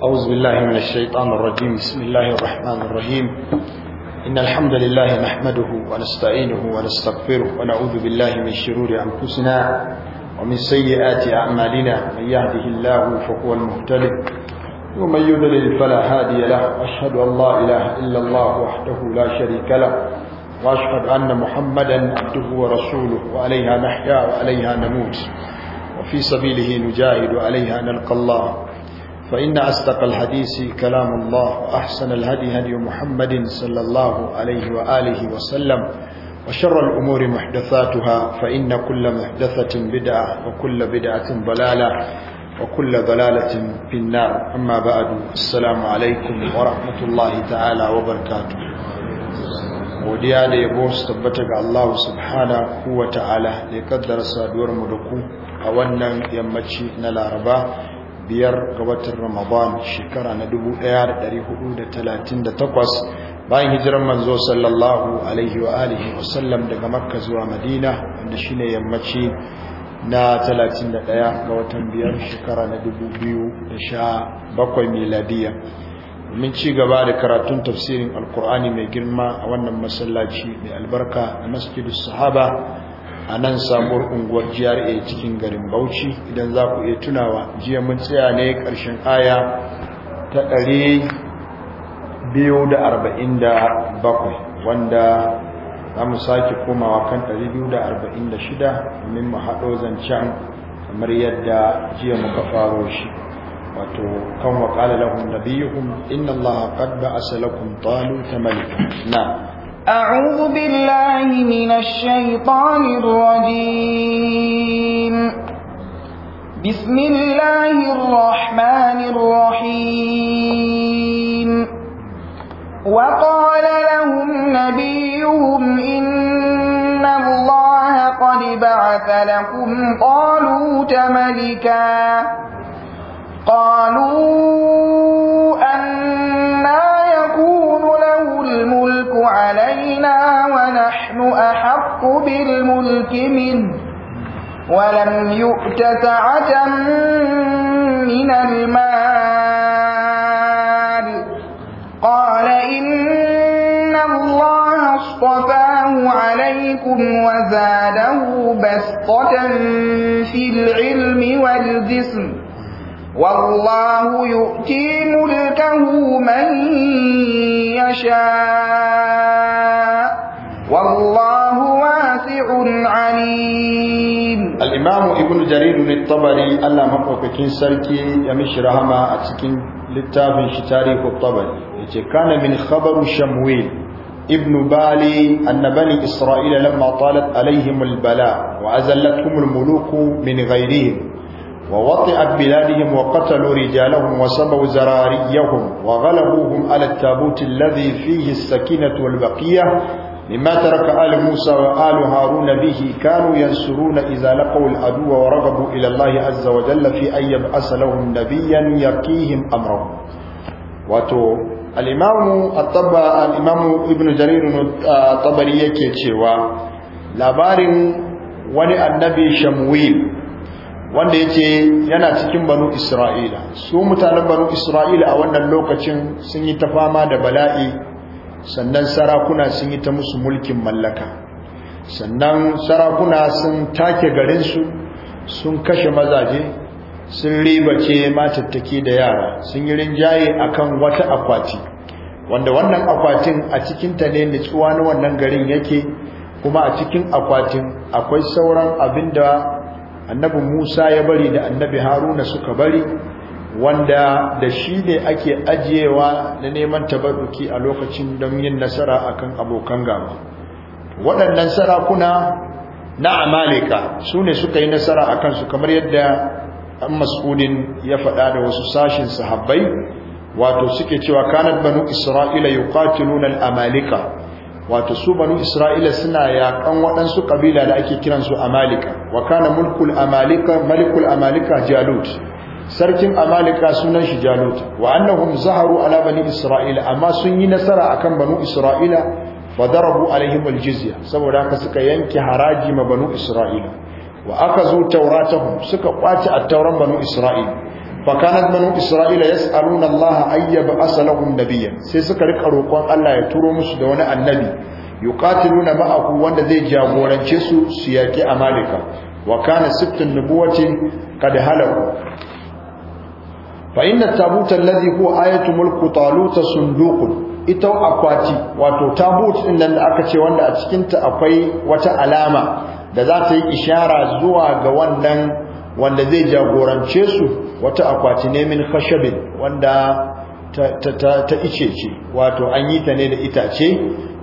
أعوذ بالله من الشيطان الرجيم بسم الله الرحمن الرحيم إن الحمد لله نحمده ونستعينه ونستغفره ونعوذ بالله من شرور أنفسنا ومن سيئات أعمالنا من يهده الله فهو المهتد ومن يضلل فلا هادي له أشهد أن لا إله إلا الله وحده لا شريك له وأشهد أن محمدا عبده ورسوله وعليها نحيا وعليها نموت وفي سبيله نجاهد وعليها نلقى الله فإن أصدق الحديث كلام الله وأحسن الهدي هدي محمد صلى الله عليه وآله وسلم وشر الأمور محدثاتها فإن كل محدثة بدعة وكل بدعة ضلالة وكل ضلالة في النار أما بعد السلام عليكم ورحمة الله تعالى وبركاته godiya da yabo su tabbata ga Allah subhanahu wa ta'ala da ya kaddara saduwar mu da ku a wannan yammaci na Laraba biyar ga watan ramadan shekara na 1438 bayan hijiran manzo sallallahu alaihi wa alihi wasallam daga makka zuwa madina wanda shine yammaci na 31 ga watan biyar shekara na 2017 miladiya Mun ci gaba da karatun tafsirin alkur'ani mai girma a wannan masallaci mai albarka na masjidus sahaba a nan sabuwar unguwar GRA cikin garin Bauchi idan za ku iya tunawa jiya mun tsaya ne ƙarshen aya ta ɗari biyu wanda za mu sake komawa kan ɗari biyu da arba'in domin mu haɗo zancen kamar yadda jiya muka faro shi wato kan waƙala lahun biyu inna Allah qad ba'asa lakum ta malika na أعوذ بالله من الشيطان الرجيم بسم الله الرحمن الرحيم وقال لهم نبيهم إن الله قد بعث لكم قالوا ملكا قالوا الملك علينا ونحن أحق بالملك منه ولم يؤت سعة من المال قال إن الله اصطفاه عليكم وزاده بسطة في العلم والجسم والله يؤتي ملكه من يشاء والله واسع عليم الإمام ابن جرير الطبري الله كين سركي يمشي رحمة أتكين للتابن شتاريخ الطبري كان من خبر شمويل ابن بالي أن بني إسرائيل لما طالت عليهم البلاء وأزلتهم الملوك من غيرهم ووطئت بلادهم وقتلوا رجالهم وسبوا زراريهم وغلبوهم على التابوت الذي فيه السكينة والبقية مما ترك آل موسى وآل هارون به كانوا ينصرون إذا لقوا العدو ورغبوا إلى الله عز وجل في أن يبعث لهم نبيا يقيهم أمرهم وتو الإمام الطبع الإمام ابن جرير الطبري يكي تشيوا labarin wani annabi shamuwil wanda yake yana cikin banu isra'ila su mutanen banu isra'ila a wannan lokacin sun yi ta fama da bala'i sannan sarakuna sun yi ta musu mulkin mallaka sannan sarakuna sun take garinsu sun kashe mazaje sun riba ce matattaki da yara sun yi rinjaye akan wata akwati wanda wannan akwatin a cikinta ne nitsuwa na wannan garin yake kuma a cikin akwatin akwai sauran abin da annabi Musa ya bari da annabi Haruna suka bari wanda da shi ne ake ajiyewa na neman tabarruki a lokacin don yin nasara akan abokan gaba waɗannan sarakuna na amalika su ne suka yi nasara a kansu kamar yadda an mas'udin ya faɗa da wasu sashin sahabbai wato suke cewa kanar banu isra'ila yi al-amalika wato su banu isra'ila suna yakan waɗansu ƙabila da ake kiransu amalika wa kana mulkul amalika malikul amalika jalut sarkin amalika sunan shi jalut wa annahum zaharu ala bani isra'ila amma sun yi nasara akan banu isra'ila fa darabu alaihim aljizya saboda haka suka yanke haraji ma banu isra'ila wa akazu tawratahum suka kwace at tawran banu isra'ila fakanat banu isra'ila yas'aluna Allah ayyaba asalahum nabiyya sai suka rika roƙon Allah ya turo musu da wani annabi yuqatiluna ma'ahu wanda zai jagorance su su yaki amalika wa kana sittun nubuwatin qad halaku fa inna tabuta alladhi huwa ayatu mulku taluta sunduqun ita akwati wato tabut din nan da aka ce wanda a cikin ta akwai wata alama da za ta yi ishara zuwa ga wannan wanda zai jagorance su wata akwati ne min khashabin wanda ta ice ce wato an yi ta ne da itace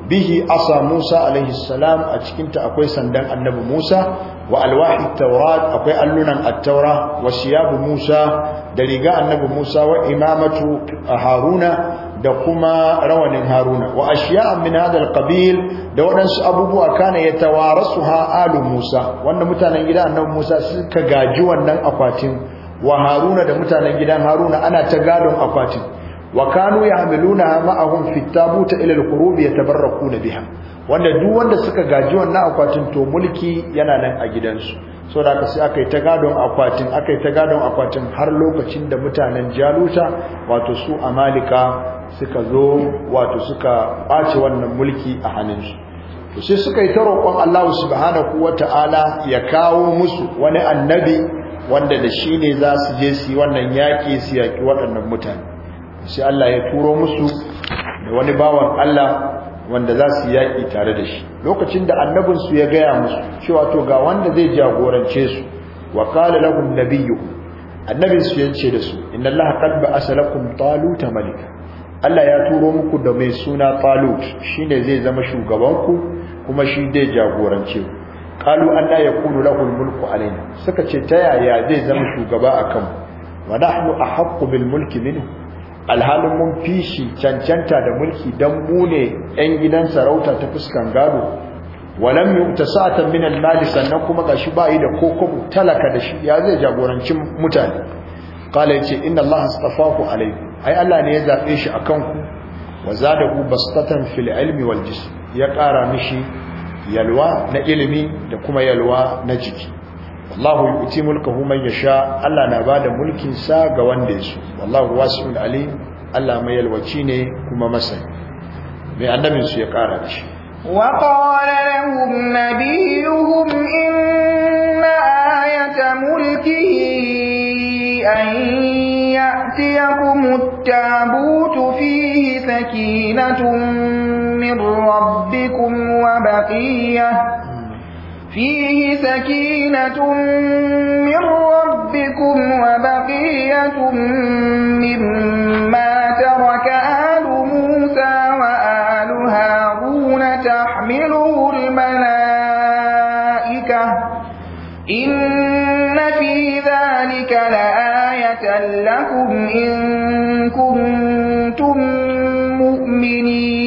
bihi asa Musa alaihi salam a cikinta akwai sandan annabi Musa wa alwahi tawrat akwai allunan at-taura wa shiyabu Musa da riga annabi Musa wa imamatu Haruna da kuma rawanin haruna wa ashiya min hadal qabil da waɗansu abubuwa kana ya tawarasu ha alu musa wanda mutanen gidan annabi musa suka gaji wannan akwatin wa haruna da mutanen gidan haruna ana ta gadon akwatin wa kanu yahmiluna ma'ahum fi tabuta ila al-qurub yatabarrakuna biha wanda duk wanda suka gaji wannan akwatin to mulki yana nan a gidansu so da sai aka yi ta gadon akwatin aka yi ta gadon akwatin har lokacin da mutanen jaluta wato su amalika suka zo wato suka ɓace wannan mulki a hannunsu to sai suka yi ta roƙon Allah subhanahu wata'ala ya kawo musu wani annabi wanda da shi ne za su je su yi wannan yaƙi su yaƙi waɗannan mutane sai Allah ya turo musu da wani bawan Allah wanda za su yaƙi tare da shi lokacin da annabinsu ya gaya musu cewa to ga wanda zai jagorance su wa qala lahum nabiyyu annabinsu ya ce da su inna allaha qad ba'asa taluta malika Allah ya turo muku da mai suna talut shine zai zama shugabanku kuma shi zai jagorance ku qalu anna yakunu lahul mulku alaina suka ce ta yaya zai zama shugaba akan wa nahnu ahaqqu bil mulki minhu alhalin mun fi shi cancanta da mulki dan mu ne yan gidan sarauta ta fuskan gado walam yu'ta sa'atan min al-mali sannan kuma gashi yi da kokobu talaka da shi ya zai jagoranci mutane qala yace inna allaha astafahu alaykum ai allah ne ya zabe shi akan ku wa zadahu bastatan fil ilmi wal jism ya kara mishi yalwa na ilimi da kuma yalwa na jiki wallahu yu'ti mulkahu man yasha Allah na bada mulkin sa ga wanda yaso wallahu wasi'un alim Allah mai yalwaci ne kuma masani mai annabin su ya kara da shi wa qala lahum nabiyuhum inna ayata mulkihi an ya'tiyakum tabutu fihi sakinatun min rabbikum wa baqiyah فيه سكينة من ربكم وبقية مما ترك آل موسى وآل هارون تحمله الملائكة إن في ذلك لآية لكم إن كنتم مؤمنين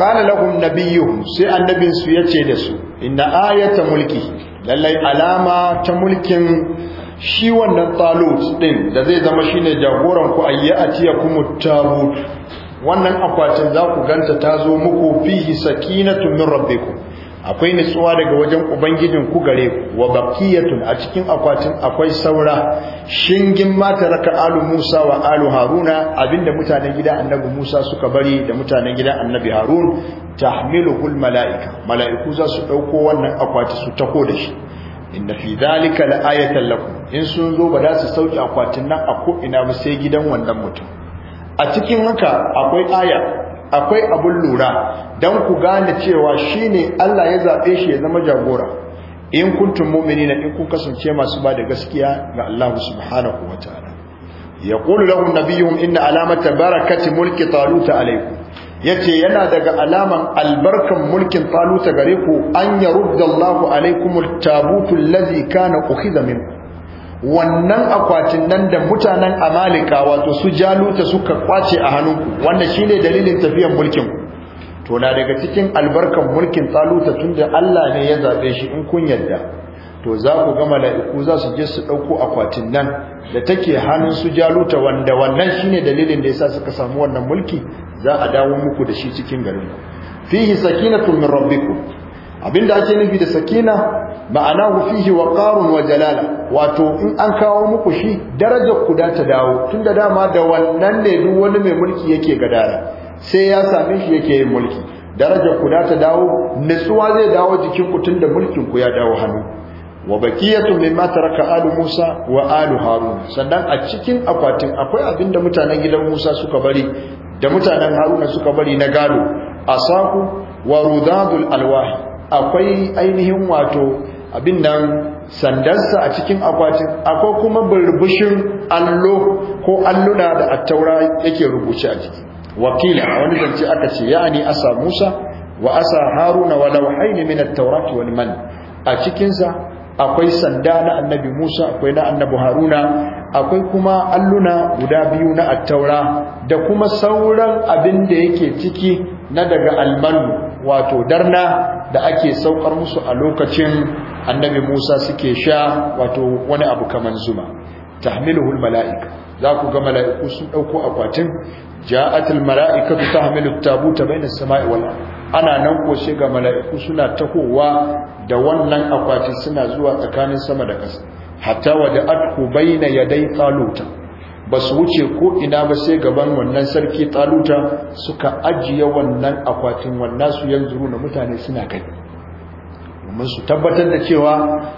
qala lahum nabiyuhum sai annabin su yace da su inna ayata mulki lallai alama ta mulkin shi wannan talut din da zai zama shine jagoran ku ayyati ku tabut wannan akwatin za ku ganta tazo zo muku fihi sakinatu min rabbikum akwai nutsuwa daga wajen ubangijin ku gare ku wa baqiyatun a cikin akwatin akwai saura shingin mata raka alu Musa wa alu Haruna abinda mutanen gida annabi Musa suka bari da mutanen gida annabi Harun tahmiluhul malaika malaiku za su dauko wannan akwati su tako da shi inna fi dhalika laayatan lakum in sun zo ba za su sauki akwatin nan a ko ina ba sai gidan wannan mutum a cikin haka akwai aya akwai abun lura don ku gane cewa shi ne Allah ya zaɓe shi ya zama jagora in kuntum mu'minina in kun kasance masu ba da gaskiya ga Allah subhanahu wa ta'ala yaqulu lahum nabiyuhum inna alamata barakati mulki taluta alaykum yace yana daga alaman albarkan mulkin taluta gare ku an yarudda Allahu alaykum tabutu allazi kana ukhidha minkum wannan akwatin nan da mutanen amalika wato su jaluta suka kwace a hannunku wanda shine dalilin tafiyan mulkin to na daga cikin albarkan mulkin taluta tunda Allah ne ya zaɓe shi in kun yarda to za ku ga mala'iku za su je su dauko akwatin nan da take hannun su jaluta wanda wannan shine dalilin da yasa suka samu wannan mulki za a dawo muku da shi cikin garin fihi sakinatun min rabbikum abinda ake nufi da sakina hu fihi waqarun wa jalala wato in an kawo muku shi darajar ku da ta dawo tunda dama da wannan ne duk wani mai mulki yake gadara sai ya same shi yake yin mulki darajar ku da ta dawo nutsuwa zai dawo jikin ku tunda mulkin ku ya dawo hannu wa baqiyatu mimma taraka alu Musa wa alu Harun sannan a cikin akwatin akwai abinda mutanen gidan Musa suka bari da mutanen Haruna suka bari na gado asaku wa rudadul alwahi akwai ainihin wato abin nan sandarsa a cikin akwatin akwai kuma burbushin allo ko alluna da attaura yake rubuce a jiki wakila wani zance aka ce ya'ani asa musa wa asa haruna wa ne min taurati wani man a cikinsa akwai sanda na annabi musa akwai na annabi haruna akwai kuma alluna guda biyu na attaura da kuma sauran abin da yake ciki na daga almanu wato darna da ake saukar musu a lokacin annabi Musa suke sha wato wani abu kaman zuma tahmiluhu almalaiika za ku ga mala'iku sun dauko akwatin ja'atul mala'ikatu at tabuta bainas sama'i wal ana nan ko sai ga mala'iku suna tahowa da wannan akwatin suna zuwa tsakanin sama da ƙasa hatta da'atu baina yaday taluta ba su wuce ko ina ba sai gaban wannan sarki taluta suka ajiye wannan akwatin wannan su yanzu na mutane suna gani domin su tabbatar da cewa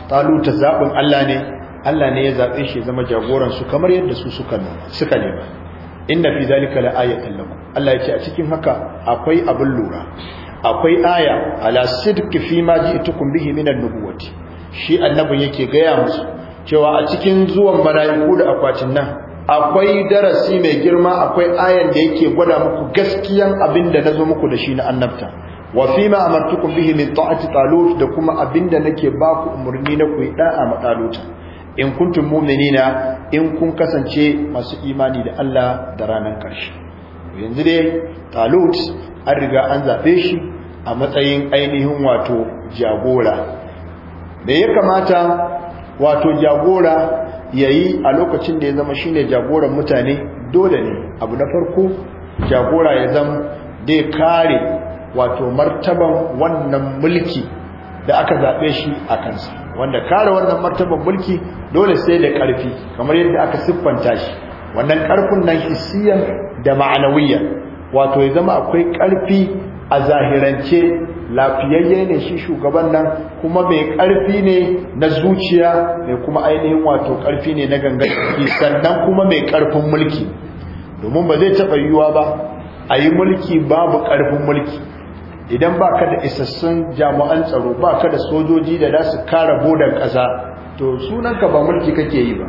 taluta zaɓin Allah ne Allah ne ya zaɓe shi zama jagoran kamar yadda su suka suka nema inna fi zalika la'ayatan lakum Allah ya a cikin haka akwai abin lura akwai aya ala sidqi fi ma ji'tukum bihi minan nubuwati shi annabi yake gaya musu cewa a cikin zuwan mala'iku da akwatin nan akwai darasi mai girma akwai ayan da yake gwada muku gaskiyan abin da zo muku da shi na annabta wa fi ma amartukum bihi min ta'ati talut da kuma abin da nake ba ku umurni na ku da'a ma taluta in kuntum mu'minina in kun kasance masu imani da Allah da ranar karshe yanzu dai talut an riga an zabe shi a matsayin ainihin wato jagora da ya kamata wato jagora yayi a lokacin da ya zama shine jagoran mutane dole ne abu na farko jagora ya zama da kare wato martaban wannan mulki da aka zaɓe shi a kansa wanda kare wannan martaban mulki dole sai da ƙarfi kamar yadda aka siffanta shi wannan ƙarfin nan hissiyan da ma'anawiyya wato ya zama akwai ƙarfi a zahirance lafiyayye ne shi shugaban nan kuma mai ƙarfi ne na zuciya mai kuma ainihin wato ƙarfi ne na gangan sannan kuma mai ƙarfin mulki domin ba zai taɓa yiwuwa ba a yi mulki babu ƙarfin mulki idan ba ka da isassun jami'an tsaro ba ka da sojoji da za su kara bodan ƙasa to sunanka ba mulki kake yi ba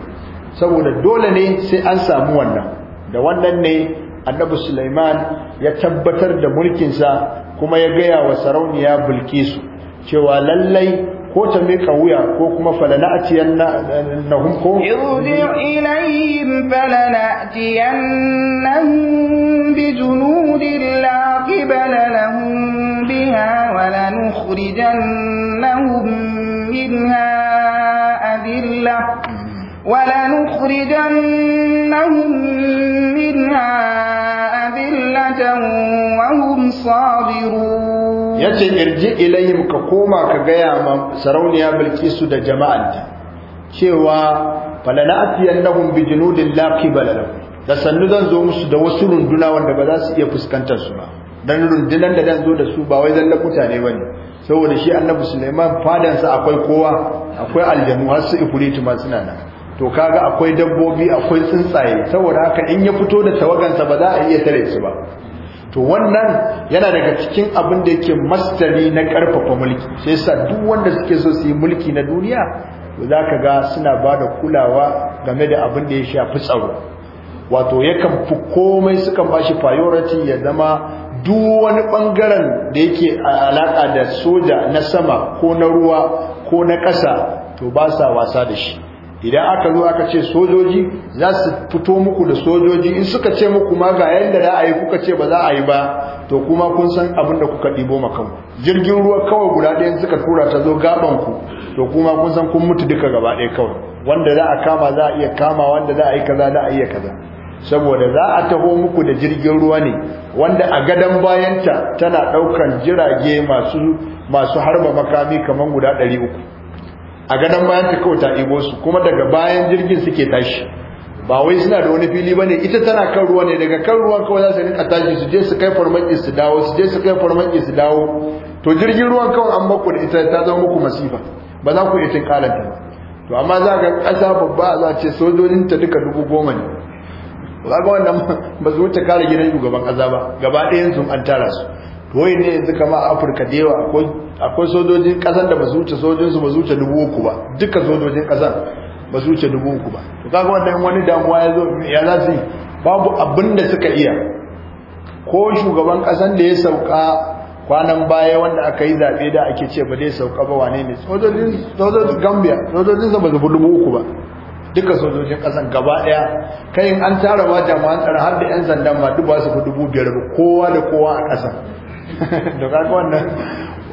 saboda dole ne sai an samu wannan da wannan ne annabi Sulaiman ya tabbatar da mulkinsa kuma ya gaya wa sarauniya Bilkisu cewa lallai ko ta mika wuya ko kuma falana'tiyannahum ko yurdi ilayhim falana'tiyannahum bijunudin la qibala lahum biha wa lanukhrijannahum minha adillah ولنخرجنهم ذلالا وهم صاغرون yace irji ilayhim ka koma ka gaya ma sarauniya bilkisu da jama'anta cewa falana'tiyannahum bijunudin la lahum da sannu zan zo musu da wasu runduna wanda ba za su iya fuskantar su ba dan rundunan da zan zo da su ba wai zalla mutane bane saboda shi annabi Sulaiman fadan sa akwai kowa akwai aljanu har su ifritu ma suna nan to kaga akwai dabbobi akwai tsuntsaye saboda haka in ya fito da tawagansa ba za a iya tare su ba to wannan yana daga cikin abin da yake mastari na karfafa mulki sai yasa duk wanda suke so su yi mulki na duniya to zaka ga suna ba da kulawa game da abin da ya shafi tsaro wato yakan fi komai sukan bashi priority ya zama duk wani bangaren da yake alaka da soja na sama ko na ruwa ko na ƙasa to ba sa wasa da shi idan aka zo aka ce sojoji za su fito muku da sojoji in suka ce muku ma ga yadda za a yi kuka ce ba za a yi ba to kuma kun san abin da kuka ɗibo makan jirgin ruwa kawai guda ɗaya suka tura ta zo gabanku to kuma kun san kun mutu duka gaba ɗaya kawai wanda za a kama za a iya kama wanda za a yi kaza za a iya kaza saboda za a taho muku da jirgin ruwa ne wanda a gadon bayanta tana ɗaukan jirage masu harba makami kamar guda ɗari uku a gadon bayan ta kawai ta ibo su kuma daga bayan jirgin suke tashi ba wai suna da wani fili bane ita tana kan ruwa ne daga kan ruwan kawai za su rinka tashi su je su kai farmaki su dawo su je su kai farmaki su dawo to jirgin ruwan kawai an maku da ita ta zama muku masifa ba za ku iya cin kalanta ba to amma za ga kasa babba za ce sojojin ta duka dubu goma ne ba ga wannan ba su wuce kare gidan shugaban kaza ba gaba ɗayan sun an tara su to wayin ne yanzu kama afirka da yawa akwai sojojin kasar da ba su wuce sojojinsu ba su wuce dubu uku ba duka sojojin kasar ba su wuce dubu uku ba to kaga wannan wani damuwa ya zo ya za su babu abin da suka iya ko shugaban kasan da ya sauka kwanan baya wanda aka yi zaɓe da ake ce ba zai sauka ba wane ne sojojin gambia sojojinsa ba su dubu uku ba duka sojojin kasan gaba daya kayan an tara ma jama'an tsara har da yan sandan ma duk ba su dubu biyar ba kowa da kowa a kasan da wannan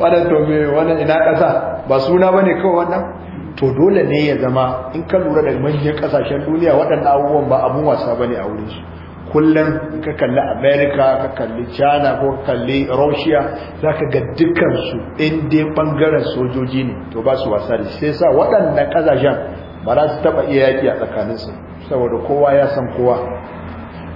wannan to me wannan ina kasa ba suna bane kawai wannan to dole ne ya zama in ka lura da manyan kasashen duniya waɗannan abubuwan ba abun wasa bane a wurin su kullum ka kalli america ka kalli china ko ka kalli russia za ka ga in dai bangaren sojoji ne to ba su wasa da sai sa waɗannan kasashen ba za su taɓa iya yaki a tsakanin su. saboda kowa ya san kowa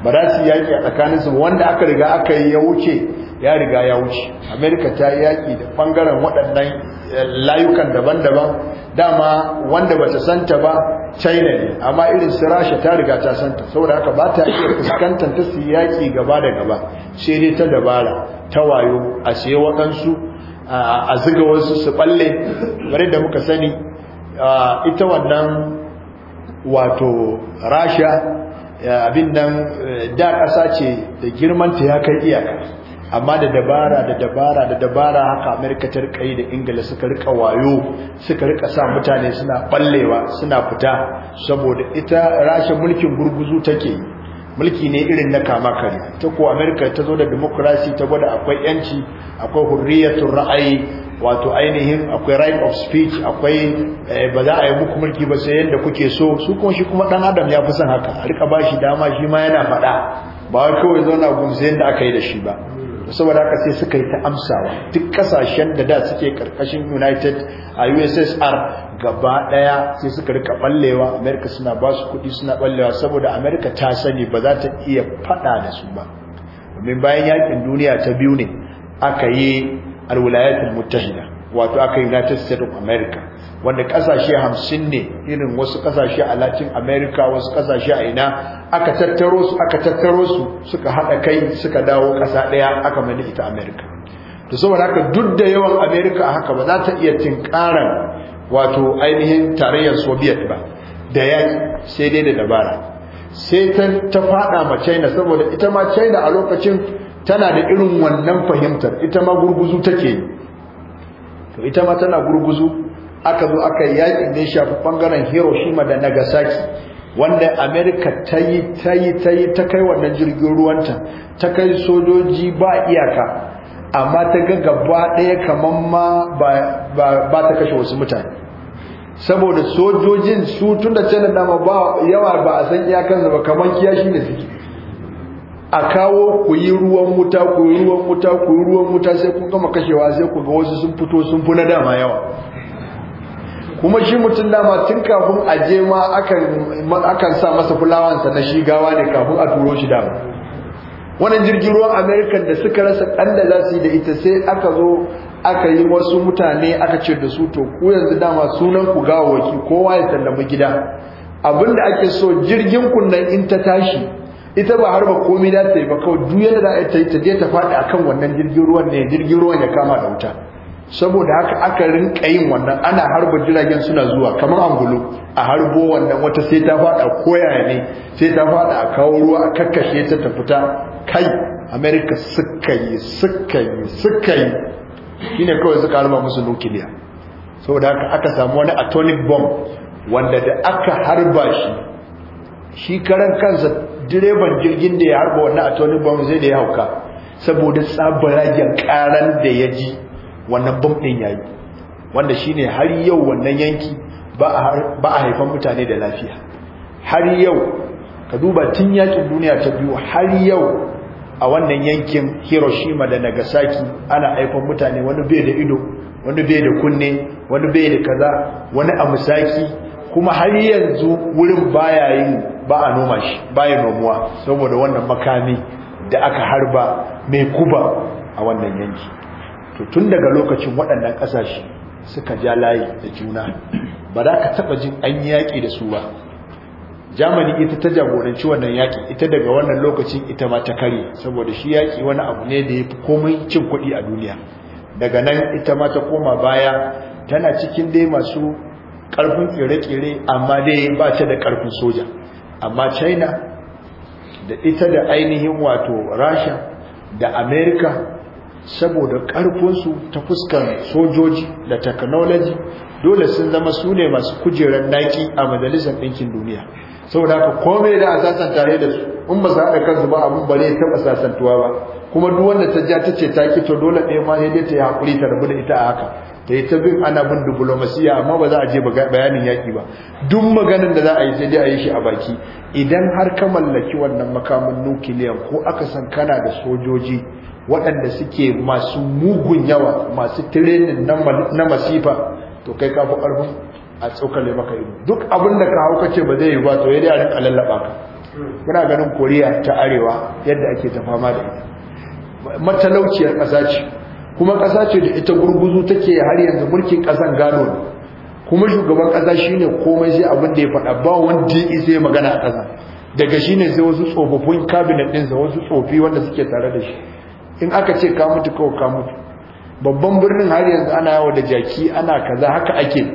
ba za su yaƙi a tsakanin su wanda aka riga aka yi ya wuce ya riga ya wuce amerika ta yi yaƙi da bangaren waɗannan eh, layukan daban-daban dama wanda bata santa ba china ne amma irin su rasha ta riga ta santa saboda haka ba ta iya fuskantar ta su yaki gaba da gaba sai dai ta dabara ta wayo a siye waɗansu a ziga wasu su ɓalle kamar da muka sani ita wannan wato rasha eh, abin nan eh, da ƙasa ce da girmanta ya kai iyaka amma da dabara da dabara da dabara haka amerika ta rika yi da ingila suka rika wayo suka rika sa mutane suna ballewa suna fita saboda ita rashin mulkin gurguzu take yi mulki ne irin na kama kare ta ko amerika ta zo da demokrasi ta gwada akwai yanci akwai hurriyatun ra'ayi wato ainihin akwai right of speech akwai eh, ba za a yi muku mulki ba sai yadda kuke so su kuma shi kuma dan adam ya fi son haka a rika ba shi dama shi ma yana faɗa ba kawai zauna gumsa yadda aka yi da shi ba saboda haka sai suka yi ta amsawa duk kasashen da da suke karkashin united a ussr gaba daya sai suka rika ballewa america suna ba su kudi suna ballewa saboda america ta sani ba za ta iya fada da su ba domin bayan yakin duniya ta biyu ne aka yi alwilayatul mutahida wato aka yi united states of america wanda kasashe hamsin ne irin wasu kasashe a latin america wasu kasashe a ina aka tattaro su aka tattaro su suka hada kai suka dawo kasa daya aka mani ita america to saboda haka duk da yawan america haka ba za ta iya tinkaran wato ainihin tarayyar soviet ba da ya sai dai da dabara sai ta ta fada ma china saboda ita ma china a lokacin tana da irin wannan fahimtar ita ma gurguzu take to ita ma tana gurguzu aka zo aka yaƙi da ya shafi ɓangaren hiroshima da nagasaki wanda amerika ta yi ta yi ta yi ta kai wannan jirgin ruwanta ta kai sojoji ba iyaka amma ta ga gaba ɗaya kamar ma ba ta kashe wasu mutane saboda sojojin su tun da canin dama ba yawa ba a san iyakan ba kamar kiyashi ne suke a kawo ku yi ruwan wuta ku yi ruwan wuta ku yi ruwan wuta sai ku gama kashewa sai ku ga wasu sun fito sun fi na dama yawa kuma shi mutum dama tun kafin a je ma akan sa masa fulawansa na shi gawa ne kafin a turo shi dama wannan jirgin ruwan american da suka rasa ɗan da za su yi da ita sai aka zo aka yi wasu mutane aka ce da su to ku yanzu dama sunan ku waki kowa ya sallama gida Abin da ake so jirgin kunnan in ta tashi ita ba har ba komai da ta yi ba kawai duk yadda za a yi ta je ta faɗi akan wannan jirgin ruwan ne jirgin ruwan ya kama da wuta saboda haka aka rinka yin wannan ana harba jiragen suna zuwa kamar angulu a harbo wannan wata sai ta fada koya ne sai ta fada a kawo ruwa a kakkashe ta ta fita kai america suka yi suka yi suka yi Shi ne kawai suka harba musu nukiliya saboda haka aka samu wani atomic bomb wanda da aka harba shi shi karan kansa direban jirgin da ya harba wannan atomic bomb zai da ya hauka saboda tsabaragen karan da ya ji wannan bumbin ya yi, wanda shi ne har yau wannan yanki ba a haifan mutane da lafiya har yau ka duba tun yakin duniya ta biyu har yau a wannan yankin Hiroshima da Nagasaki ana haifan mutane wani bai da ido wani bai da kunne wani bai da kaza wani a musaki kuma har yanzu wurin bayayin, ba a noma shi bayan nomuwa saboda wannan makami da aka harba mai kuba a wannan yanki to tun daga lokacin waɗannan ƙasashe suka ja layi da juna ba za ka taɓa jin an yaƙi da su ba jamani ita ta jagoranci wannan yaƙi ita daga wannan lokacin ita ma ta kare saboda shi yaƙi wani abu ne da ya fi komai cin kuɗi a duniya daga nan ita ma ta koma baya tana cikin dai masu ƙarfin ƙere-ƙere amma dai ba ta da ƙarfin soja amma china da ita da ainihin wato rasha da america saboda ƙarfinsu ta fuskar sojoji da technology dole sun zama su ne masu kujerar daƙi a majalisar ɗinkin duniya saboda haka komai da a sasan tare da su in ba su haɗa kansu ba abin ba ne taɓa sasantuwa ba kuma duk wanda ta ja ta ce ta to dole ɗaya ma sai ta yi haƙuri ta rabu da ita a haka ta yi ta bin ana bin diplomasiya amma ba za a je bayanin yaƙi ba duk maganin da za a yi sai dai a yi shi a baki idan har ka mallaki wannan makamin nukiliyan ko aka san kana da sojoji waɗanda suke masu mugun yawa masu tirenin na masifa to kai ka fi ƙarfin a tsokale maka yi duk abin da ka hau kace ba zai yi ba to ya dai a lallaba ka muna ganin koriya ta arewa yadda ake ta fama da ita matalauciyar ƙasa ce kuma ƙasa ce da ita gurguzu take har yanzu mulkin ƙasan gano kuma shugaban ƙasa shine komai sai abin da ya faɗa ba wanda ya isa magana a ƙasa daga shine sai wasu tsofaffin kabinet ɗinsa wasu tsofi wanda suke tare da shi in aka ce ka mutu kawai ka mutu babban birnin har yanzu ana yawa da jaki ana kaza haka ake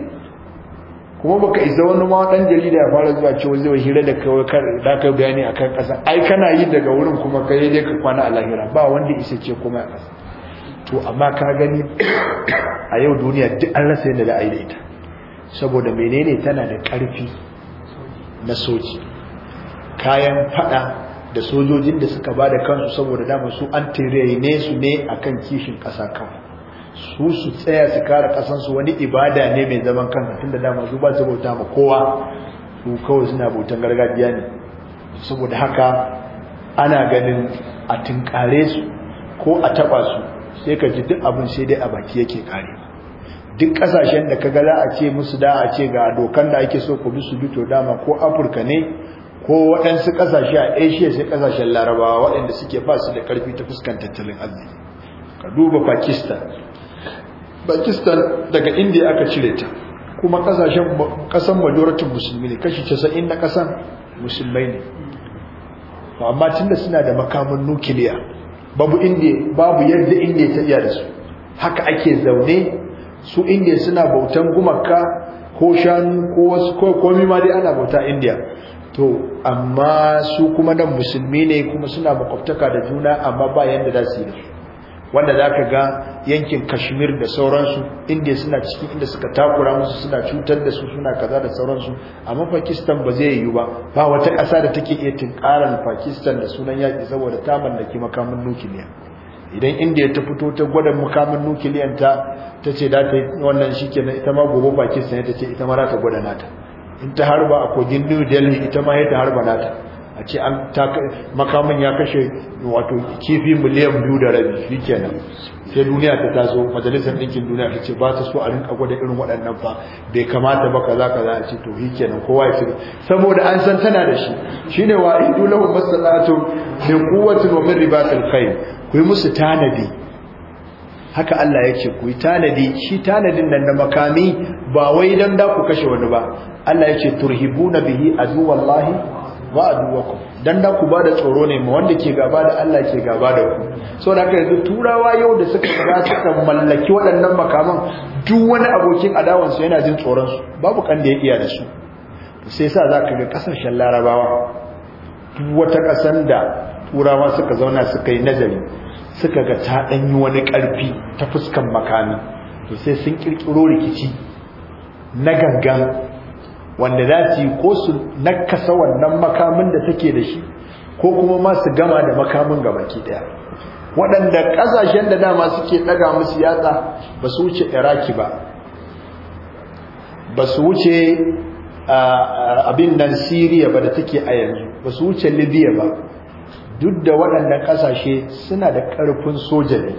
kuma baka isa wani ma dan jarida ya fara zuwa cewa zai hira da kai kar da kai bayani akan kasa ai kana yi daga wurin kuma kai dai ka kwana a lahira ba wanda isa ce kuma a kasa to amma ka gani a yau duniya duk an rasa yadda da aida ita saboda menene tana da karfi na soji kayan fada da sojojin da suka ba da kansu saboda dama su an ne su ne akan kishin ƙasa kan su su tsaya su kara ƙasansu wani ibada ne mai zaman tun da dama su ba su bauta ma kowa su kawai suna bautan gargajiya ne saboda haka ana ganin a tinkare su ko a taɓa su sai ka ji duk abin sai dai a baki yake kare duk ƙasashen da ka gala a ce musu da a ce ga dokan da ake so ku bi su bi to dama ko afirka ne ko waɗansu ƙasashe a asia sai ƙasashen larabawa waɗanda suke fasu da ƙarfi ta fuskan tattalin arziki ka duba pakistan pakistan daga india aka cire ta kuma ƙasashen ƙasan majoratin musulmi ne kashi 90 na ƙasan musulmai ne amma tunda suna da makamin nukiliya babu indiya babu yadda indiya ta iya da su haka ake zaune su indiya suna bautan gumaka ko shanu ko wasu komi ma dai ana bauta indiya to amma su kuma nan musulmi ne kuma suna makwabtaka da juna amma ba yadda za su yi da su wanda za ka ga yankin kashmir da sauransu inda suna cikin inda suka takura musu suna cutar da su suna kaza da sauransu amma pakistan ba zai yiwu ba ba wata ƙasa da take iya tunkarar pakistan da sunan yaƙi saboda ta mallaki makamin nukiliya idan inda ta fito ta gwada makamin nukiliyan ta ce da ta yi wannan shi kenan ita ma gobe pakistan ta ce ita ma za ta gwada nata in ta harba a kogin new delhi ita ma yadda harba nata a ce an makamin ya kashe wato kifi miliyan biyu da rabi shi kenan sai duniya ta taso majalisar ɗinkin duniya ta ce ba ta so a rinka gwada irin waɗannan ba. bai kamata ba kaza kaza a ce to shi kenan kowa ya saboda an san tana da shi shine wa in dulahu masalatu min quwwatin wa min ribatil khayr ku yi musu tanadi haka Allah ya ce ku yi tanadi shi tanadin nan na makami ba wai don da ku kashe wani ba Allah ya ce turhibuna bihi aduwallahi wa aduwakum dan da ku ba da tsoro ne ma wanda ke gaba da Allah ke gaba da ku so da haka yanzu turawa yau da suka shiga suka mallaki waɗannan makaman duk wani abokin adawansu yana jin tsoron su babu kan da ya iya da su sai sa zaka ga kasashen larabawa duk wata kasan da turawa suka zauna suka yi nazari suka ga ta ɗanyi wani ƙarfi ta fuskan makami to sai sun ƙirƙiro rikici na gangan wanda za su yi ko su nakasa wannan makamin da take da shi ko kuma ma su gama da makamin ga baki ɗaya waɗanda ƙasashen da dama suke ɗaga musu yatsa ba su wuce iraki ba ba su wuce ah, abin nan siriya ba da take a yanzu ba su wuce libya ba duk da waɗannan ƙasashe suna da ƙarfin soja ne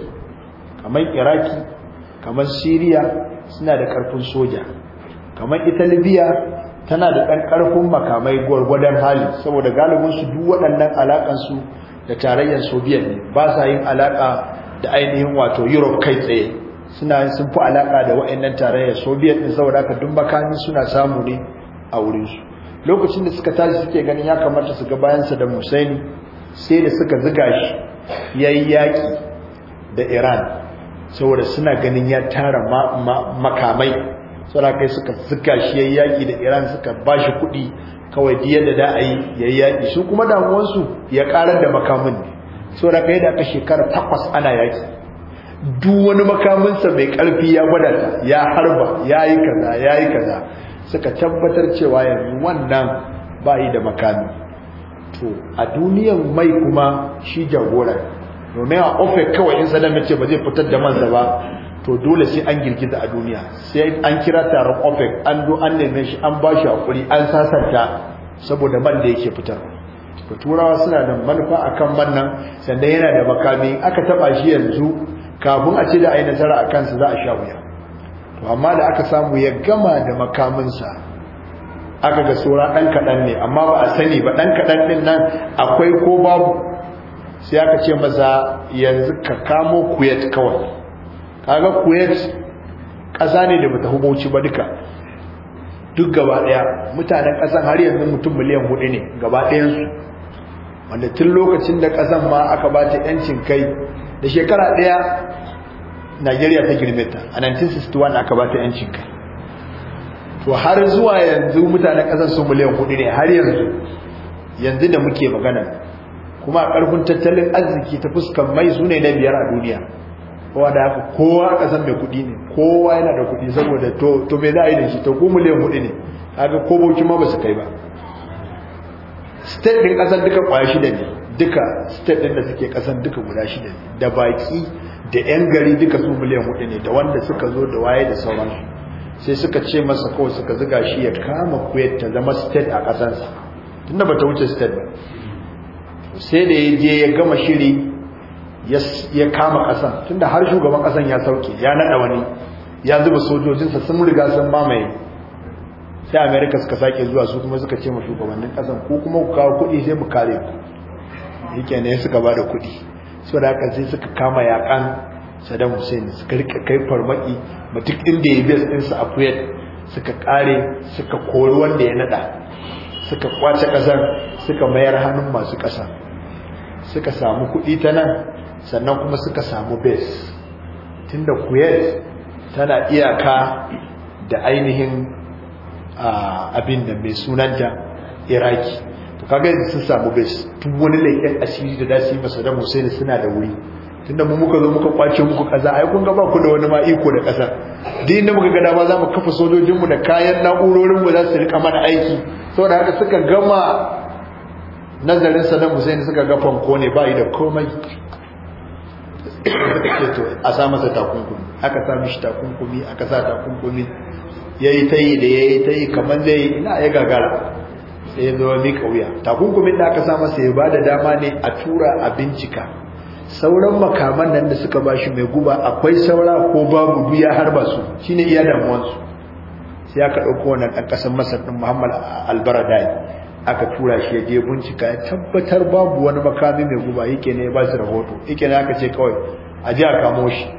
kamar iraki kamar siriya suna da ƙarfin soja kamar ita libya tana da ɗan ƙarfin makamai gwargwadon hali saboda galibinsu duk waɗannan alaƙansu da tarayyar soviet ne ba sa yin alaƙa da ainihin wato europe kai tsaye suna sun fi alaƙa da waɗannan tarayyar soviet ne saboda haka duk makami suna samu ne a wurinsu lokacin da suka tashi suke ganin ya kamata su ga bayansa da musaini sai da suka ziga shi yayi yaƙi da Iran saboda suna ganin ya tara makamai saboda kai suka ziga shi yayi yaki da Iran suka bashi kuɗi kawai diyar da da ayi yayi yaki su kuma damuwar ya karar da makamin ne saboda kai da aka shekara takwas ana yaƙi. duk wani makaminsa mai karfi ya gwadata ya harba yayi kaza yayi kaza suka tabbatar cewa yanzu wannan yi da makami to a duniyan mai kuma shi jagora domin a Ofe kawai in Saddam mace ce ba zai fitar da mansa ba to dole sai an girgiza a duniya sai an kira taron ofek an do an neme shi an ba shi hakuri an sasanta saboda man da yake fitar. to turawa suna da manufa akan man nan sannan yana da makami aka taba shi yanzu kafin a ce da ai nasara akan su za a sha wuya to amma da aka samu ya gama da makaminsa aka ga sura ɗan kaɗan ne amma ba a sani ba ɗan kaɗan ɗin nan akwai ko babu sai aka ce maza yanzu ka kamo kuwait kawai kaga kuwait ƙasa ne da bata hukunci ba duka duk gaba ɗaya mutanen ƙasan har yanzu mutum miliyan hudu ne gaba ɗayansu wanda tun lokacin da ƙasan ma aka ba ta yancin kai da shekara ɗaya najeriya ta girmeta a 1961 aka ba ta yancin kai to har zuwa yanzu mutanen kasar su miliyan kudi ne har yanzu yanzu da muke magana kuma ƙarfin tattalin arziki ta fuskan mai su ne na biyar a duniya kowa da haka kowa kasar mai kuɗi ne kowa yana da kuɗi saboda to mai me za a yi da shi to ku miliyan kudi ne haka ko boki ma ba su kai ba state ɗin kasar duka ƙwaya shida ne duka state ɗin da suke kasar duka guda shida ne da baki da 'yan gari duka su miliyan kudi ne da wanda suka zo da waye da sauransu sai suka ce masa ko suka zuga shi ya kama kuwait ta zama state a kasansa, tunda ba ta wuce state ba sai da ya je ya gama shiri ya kama kasan tunda har shugaban kasan ya sauke ya nada wani ya zuba sojojinsa sun riga sun mamaye sai amerika suka sake zuwa su kuma suka ce ma shugabannin kasan ko kuma ku kawo kuɗi sai mu kare ku yake ne suka ba da kuɗi so da haka sai suka kama yaƙan Saddam Hussein suka rika kai farmaki ma duk inda ya base su a Kuwait suka kare suka kori wanda ya nada suka kwace ƙasar suka mayar hannun masu ƙasa suka samu kuɗi ta nan sannan kuma suka samu base tunda Kuwait tana iyaka da ainihin abin da mai sunanta Iraki to kaga sun samu base tun wani laifin asiri da dasi su yi masa da Hussein suna da wuri tunda mu muka zo muka kwace muku kaza ai kun ga ba ku da wani ma iko da kasa din inda muka ga ba za mu kafa sojojin mu da kayan na'urorin mu za su rika mana aiki saboda haka suka gama nazarin Saddam Hussein suka ga fanko ne ba da komai to a sa masa takunkumi aka sa mishi takunkumi aka sa takunkumi yayi yi da yayi yi kamar dai ina ya gagara sai zo mika wuya takunkumin da aka sa masa ya bada dama ne a tura a bincika sauran makaman nan da suka ba shi mai guba akwai saura ko babu biya har ba su shine iya damuwansu sai aka dauko wannan ɗan kasan Masar din Muhammad Albaradai aka tura shi ya je bincika ya tabbatar babu wani makami mai guba yake ne ya ba su rahoto yake ne aka ce kawai a ji a kamo shi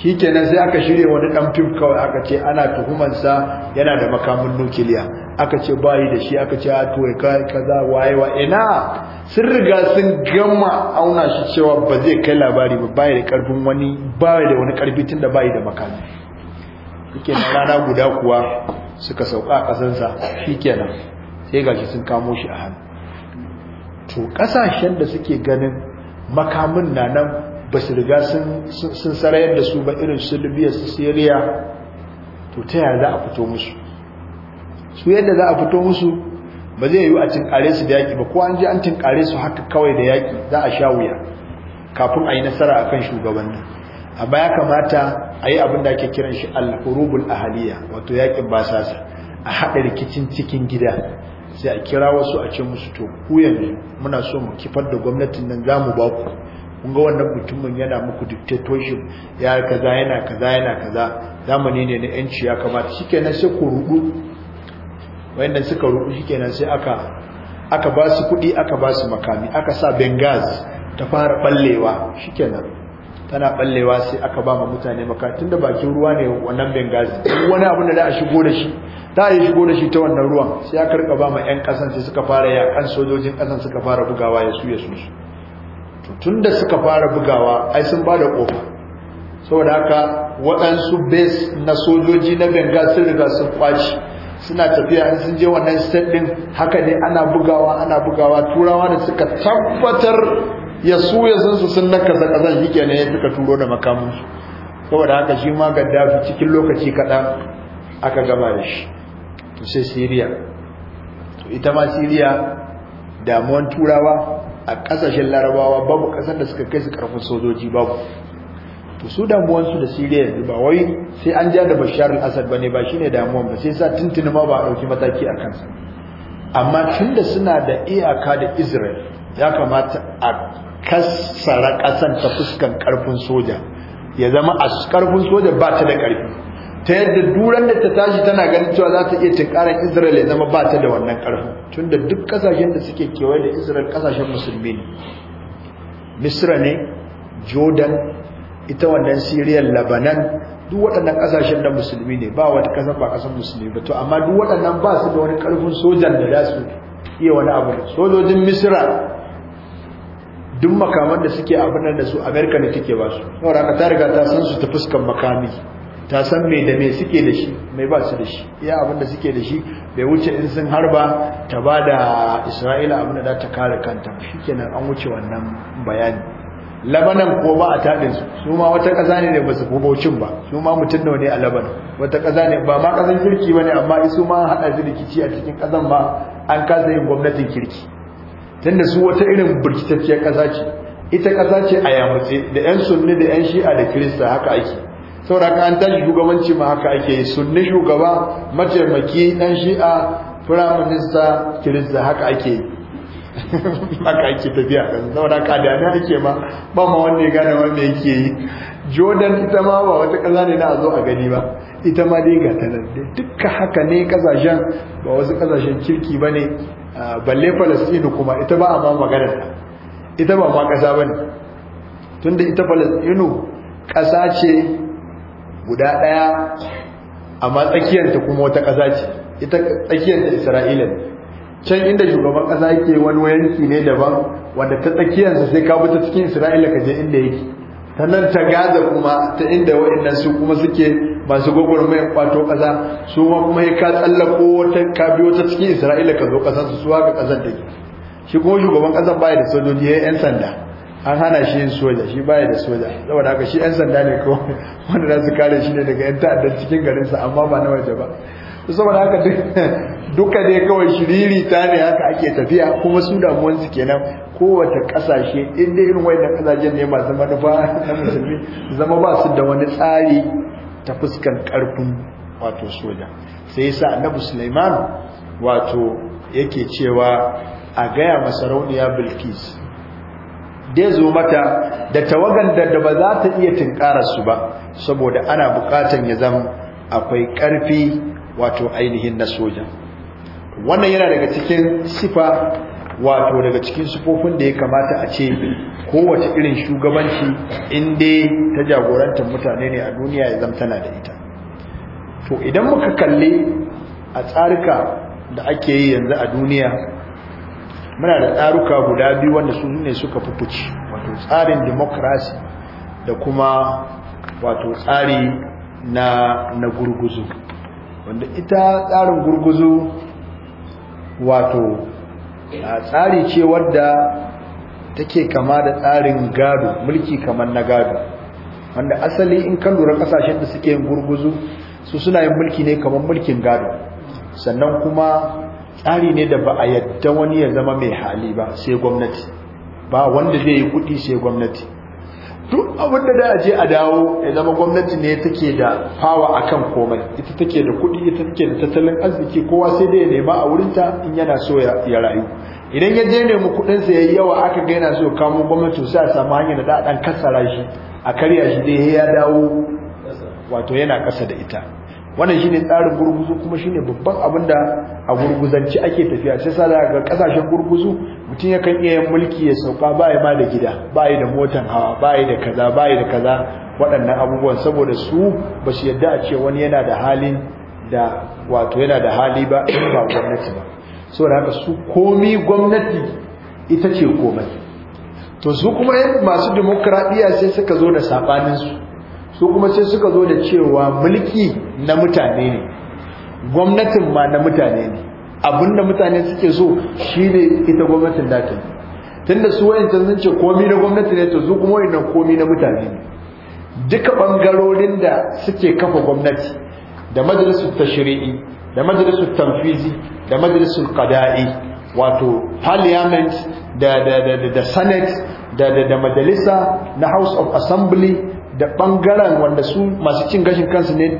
shi kenan sai aka shirya wani dan fim kawai aka ce ana tuhumansa yana da makamin nukiliya aka ce bayi da shi aka ce ah, a tuwai kai kaza waye wa ina sun riga sun gama auna shi cewa ba zai kai labari ba bayi da karfin wani bayi da wani karfi da bayi da makami shikenan rana guda kuwa suka sauka a kasansa kenan sai gashi sun kamo shi a hannu to kasashen da suke ganin makamin na nan ba su riga sun sarayar da su ba irin su libya su syria to ta yaya za a fito musu su yadda za a fito musu ba zai yiwu a kare su da yaƙi ba ko an ji an kare su haka kawai da yaƙi za a sha wuya kafin a yi nasara a kan shugabannin amma ya kamata a yi abin da ake kiran shi al-hurubul ahaliya wato yaƙin basasa a haɗa rikicin cikin gida sai a kira wasu a ce musu to ku yanzu muna so mu kifar da gwamnatin nan za mu ba ku Kunga ga wannan mutumin yana muku dictatorship ya kaza yana kaza yana kaza zamani ne na yanci ya kamata shikenan sai ku rubu wanda suka rubu shikenan sai aka aka ba su kuɗi aka ba su makami aka sa bengaz ta fara ballewa shikenan tana ballewa sai aka ba ma mutane maka tunda bakin ruwa ne wannan bengaz wani abu da za a shigo da shi ta yi shigo da shi ta wannan ruwan sai ya karka ba ma 'yan ƙasan sai suka fara yakan sojojin ƙasan suka fara bugawa ya su ya su su tun da suka fara bugawa ai sun ba da ƙofa saboda haka waɗansu base na sojoji na bengal sun riga sun kwaci suna tafiya in sun je wannan state ɗin haka ne ana bugawa ana bugawa turawa da suka tabbatar ya su ya sun su sun nakasa ƙasan yake ne ya suka turo da makamansu saboda haka shi ma gaddafi cikin lokaci kaɗan aka gama da shi to sai siriya ita ma siriya damuwan turawa a kasashen larabawa babu ƙasar da suka kai su karfin sojoji babu to su damuwansu da siriya yanzu ba wai sai an ja da bashar al-assad ne ba shine damuwan ba sai sa tuntuni ma ba a ɗauki mataki a kansa amma tunda suna da iyaka da israel ya kamata a kasara ƙasar ta fuskan karfin soja ya zama a karfin soja ba ta da karfi ta yadda duran da ta tashi tana ganin cewa za ta iya tinkarar Israel ya zama ba ta da wannan ƙarfin tunda duk ƙasashen da suke kewaye da Israel ƙasashen musulmi ne Misra ne Jordan ita wannan Syria Lebanon duk waɗannan ƙasashen da musulmi ne ba wata ƙasa ba ƙasar musulmi ba to amma duk waɗannan ba su da wani ƙarfin sojan da za su iya wani abu sojojin Misra duk makaman da suke abin da su America ne take ba su saboda ta riga ta san su ta fuskan makami ta san me da me suke da shi mai ba su da shi iya abinda suke da shi bai wuce in sun harba ta ba da isra'ila abin da ta kare kanta shikenan an wuce wannan bayani labanan ko ba a taɗin su su ma wata ƙasa ne da ba su kogocin ba su ma mutum da ne a labanan wata ƙasa ne ba ma ƙasan kirki ba ne amma su ma haɗa su rikici a cikin ƙasan ba an kasa yin gwamnatin kirki tunda su wata irin birkitacciyar ƙasa ce ita ƙasa ce a yamutse da 'yan sunni da 'yan shi'a da kirista haka ake saboda an tashi shugabanci ma haka ake yi sunni shugaba mataimaki dan shi'a prime minister kirista haka ake yi haka ake tafiya kan saboda ka da ne ake ma ba ma wanda ya gane wanda yake yi jordan ita ma ba wata kaza ne na zo a gani ba ita ma dai ga ta nan dukkan haka ne kasashen ba wasu kasashen kirki ba ne balle palestine kuma ita ba a ma magana ita ba ma kasa ba ne tunda ita palestine ƙasa ce guda ɗaya amma tsakiyarta kuma wata ƙasa ce ita tsakiyarta isra'ila ne can inda shugaban ƙasa ke wani yanki ne daban wanda ta tsakiyarsa sai ka ta cikin isra'ila ka je inda yake ta nan ta gaza kuma ta inda wa'annan su kuma suke masu gwagwarmayar kwato ƙasa su kuma ka tsallako wata ka biyo ta cikin isra'ila ka zo ƙasarsu su haka ƙasar take shi kuma shugaban ƙasar baya da sojoji ya yi 'yan sanda an hana shi yin soja shi baya da soja saboda haka shi yan sanda ne ko wanda za su kare shi ne daga yan ta'addar cikin garinsa amma ba na waje ba saboda haka duka dai kawai shiriri ta ne haka ake tafiya kuma su su kenan kowace kasashe in dai irin wayannan kasajen ne masu manufa na musulmi zama ba su da wani tsari ta fuskan karfin wato soja sai yasa annabi Sulaiman wato yake cewa a gaya masarauniya Bilkis da zo mata da tawagan da ba za ta iya tinkarar su ba saboda ana bukatan ya zama akwai karfi wato ainihin na soja wannan yana daga cikin sifa wato daga cikin sifofin da ya kamata a ce kowace irin shugabanci inda ta jagorantar mutane ne a duniya ya zama tana da ita to idan muka kalli a tsarika da ake yi yanzu a duniya muna da tsaruka guda biyu wanda su ne suka fufuci wato tsarin demokrasi da kuma wato tsari na na gurguzu wanda ita tsarin gurguzu wato tsari ce wadda take kama da tsarin gado mulki kamar na gado wanda asali in kan lura kasashen da suke yin gurguzu su suna yin mulki ne kamar mulkin gado sannan kuma tsari ne da ba a yadda wani ya zama mai hali ba sai gwamnati ba wanda zai yi kuɗi sai gwamnati duk abin da a je a dawo ya zama gwamnati ne take da fawa akan komai ita take da kuɗi ita take da tattalin arziki kowa sai dai ya nema a wurinta in yana so ya rayu idan ya je nemi kuɗin sa yayi yawa aka ga yana so kamo gwamnati sai a samu hanyar da dan kasara shi a karya shi dai ya dawo wato yana kasa da ita wannan shine tsarin gurguzu kuma shine babban abin da a gurguzanci ake tafiya sai sa daga kasashen gurguzu mutum ya kan iya yin mulki ya sauka ba ya ma da gida ba ya da motan hawa ba ya da kaza ba ya da kaza waɗannan abubuwan saboda su ba su yadda a ce wani yana da halin da wato yana da hali ba ba gwamnati ba saboda haka su komi gwamnati ita ce komai to su kuma masu demokradiya sai suka zo da su su kuma sai suka zo da cewa mulki na mutane ne gwamnatin ma na mutane ne abinda mutane suke so ne ita gwamnatin dakin tunda su wayancan sun ce komai na gwamnati ne to su kuma wayannan komai na mutane ne duka ɓangarorin da suke kafa gwamnati da majalisar tashri'i da majalisar tanfizi da majalisar kadai wato parliament da da da da senate da majalisa na house of assembly da bangaren wanda su masu cin gashin kansu ne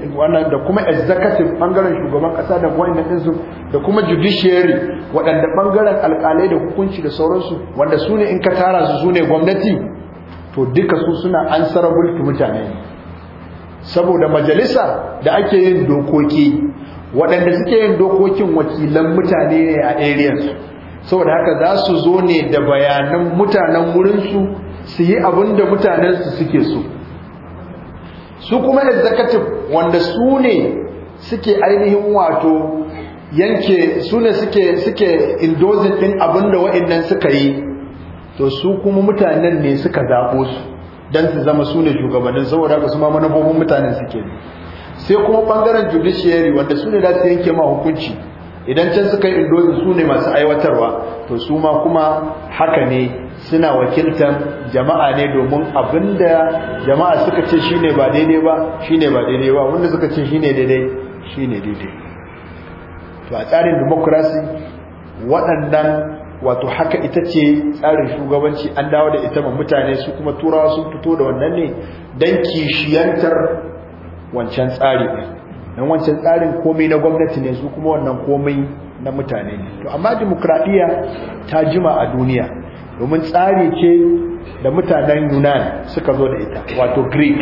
da kuma executive bangaren shugaban kasa da na ɗinsu da kuma judiciary waɗanda bangaren alƙalai da hukunci da sauransu wanda su ne in ka tara su su ne gwamnati to duka su suna ansarabul to mutane saboda majalisa da ake yin dokoki waɗanda suke yin dokokin wakilan mutane ne a areas saboda haka za su zo ne da bayanan mutanen wurinsu su yi abin da mutanensu suke so su kuma executive wanda su ne suke ainihin wato yanke su ne suke suke indozin din abinda wa'annan suka yi to su kuma mutanen ne suka zaɓo su don su zama su ne shugabannin saboda ka su ma manufofin mutanen suke sai kuma ɓangaren judiciary wanda su ne za su yanke ma hukunci idan can suka yi indozin su ne masu aiwatarwa to su ma kuma haka ne suna wakiltar jama'a ne domin abinda jama'a suka ce shine ba daidai ba shine ba daidai ba wanda suka ce shine daidai shine daidai to a tsarin demokrasi waɗannan wato haka ita ce tsarin shugabanci an dawo da ita ma mutane su kuma turawa sun fito da wannan ne don kishiyantar wancan tsari ne don wancan tsarin komai na gwamnati ne su kuma wannan komai na mutane ne to amma dimokuraɗiyya ta jima a duniya domin tsari ce da mutanen yunan suka zo da ita wato greek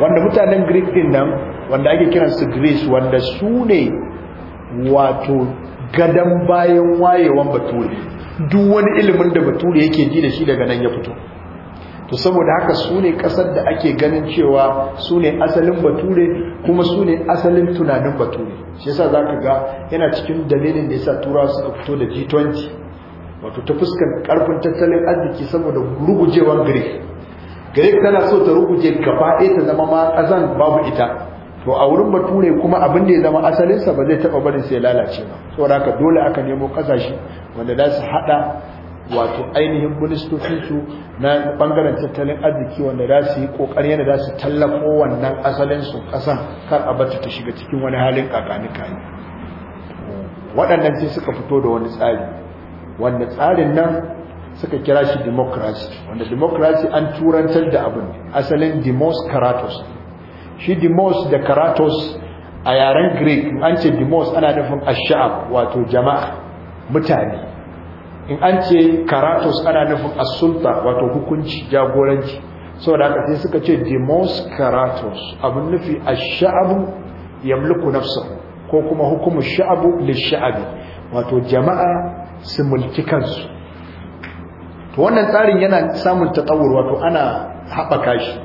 wanda mutanen greek din nan wanda ake su greece wanda su ne wato gadon bayan wayewan bature duk wani ilimin da bature yake ji da shi daga nan ya fito to saboda haka su ne kasar da ake ganin cewa su ne asalin bature kuma su ne asalin tunanin bature shi yasa za ka ga yana cikin dalilin da yasa turawa suka fito da g20 wato ta fuskan karfin tattalin arziki saboda rugujewar greek greek tana so ta ruguje gaba ɗaya ta zama ma ƙasan babu ita to a wurin bature kuma abin da ya zama asalinsa ba zai taɓa barin sai lalace ba saboda haka dole aka nemo ƙasashe wanda za su haɗa wato ainihin ministocinsu na ɓangaren tattalin arziki wanda za su yi ƙoƙari yadda za su tallafo wannan asalinsu ƙasan kar a bata ta shiga cikin wani halin kayi. waɗannan sai suka fito da wani tsari wanda tsarin nan suka kira shi democracy wanda democracy an turantar da abin asalin demos karatos shi demos da karatos a yaren greek an ce demos ana nufin ashab wato jama'a mutane in an ce karatos ana nufin asulta wato hukunci jagoranci saboda haka sai suka ce demos karatos abin nufi ashabu yamliku nafsahu ko kuma hukumu sha'abu lisha'abi wato jama'a su mulki kansu to wannan tsarin yana samun tatawur wato ana haɓaka shi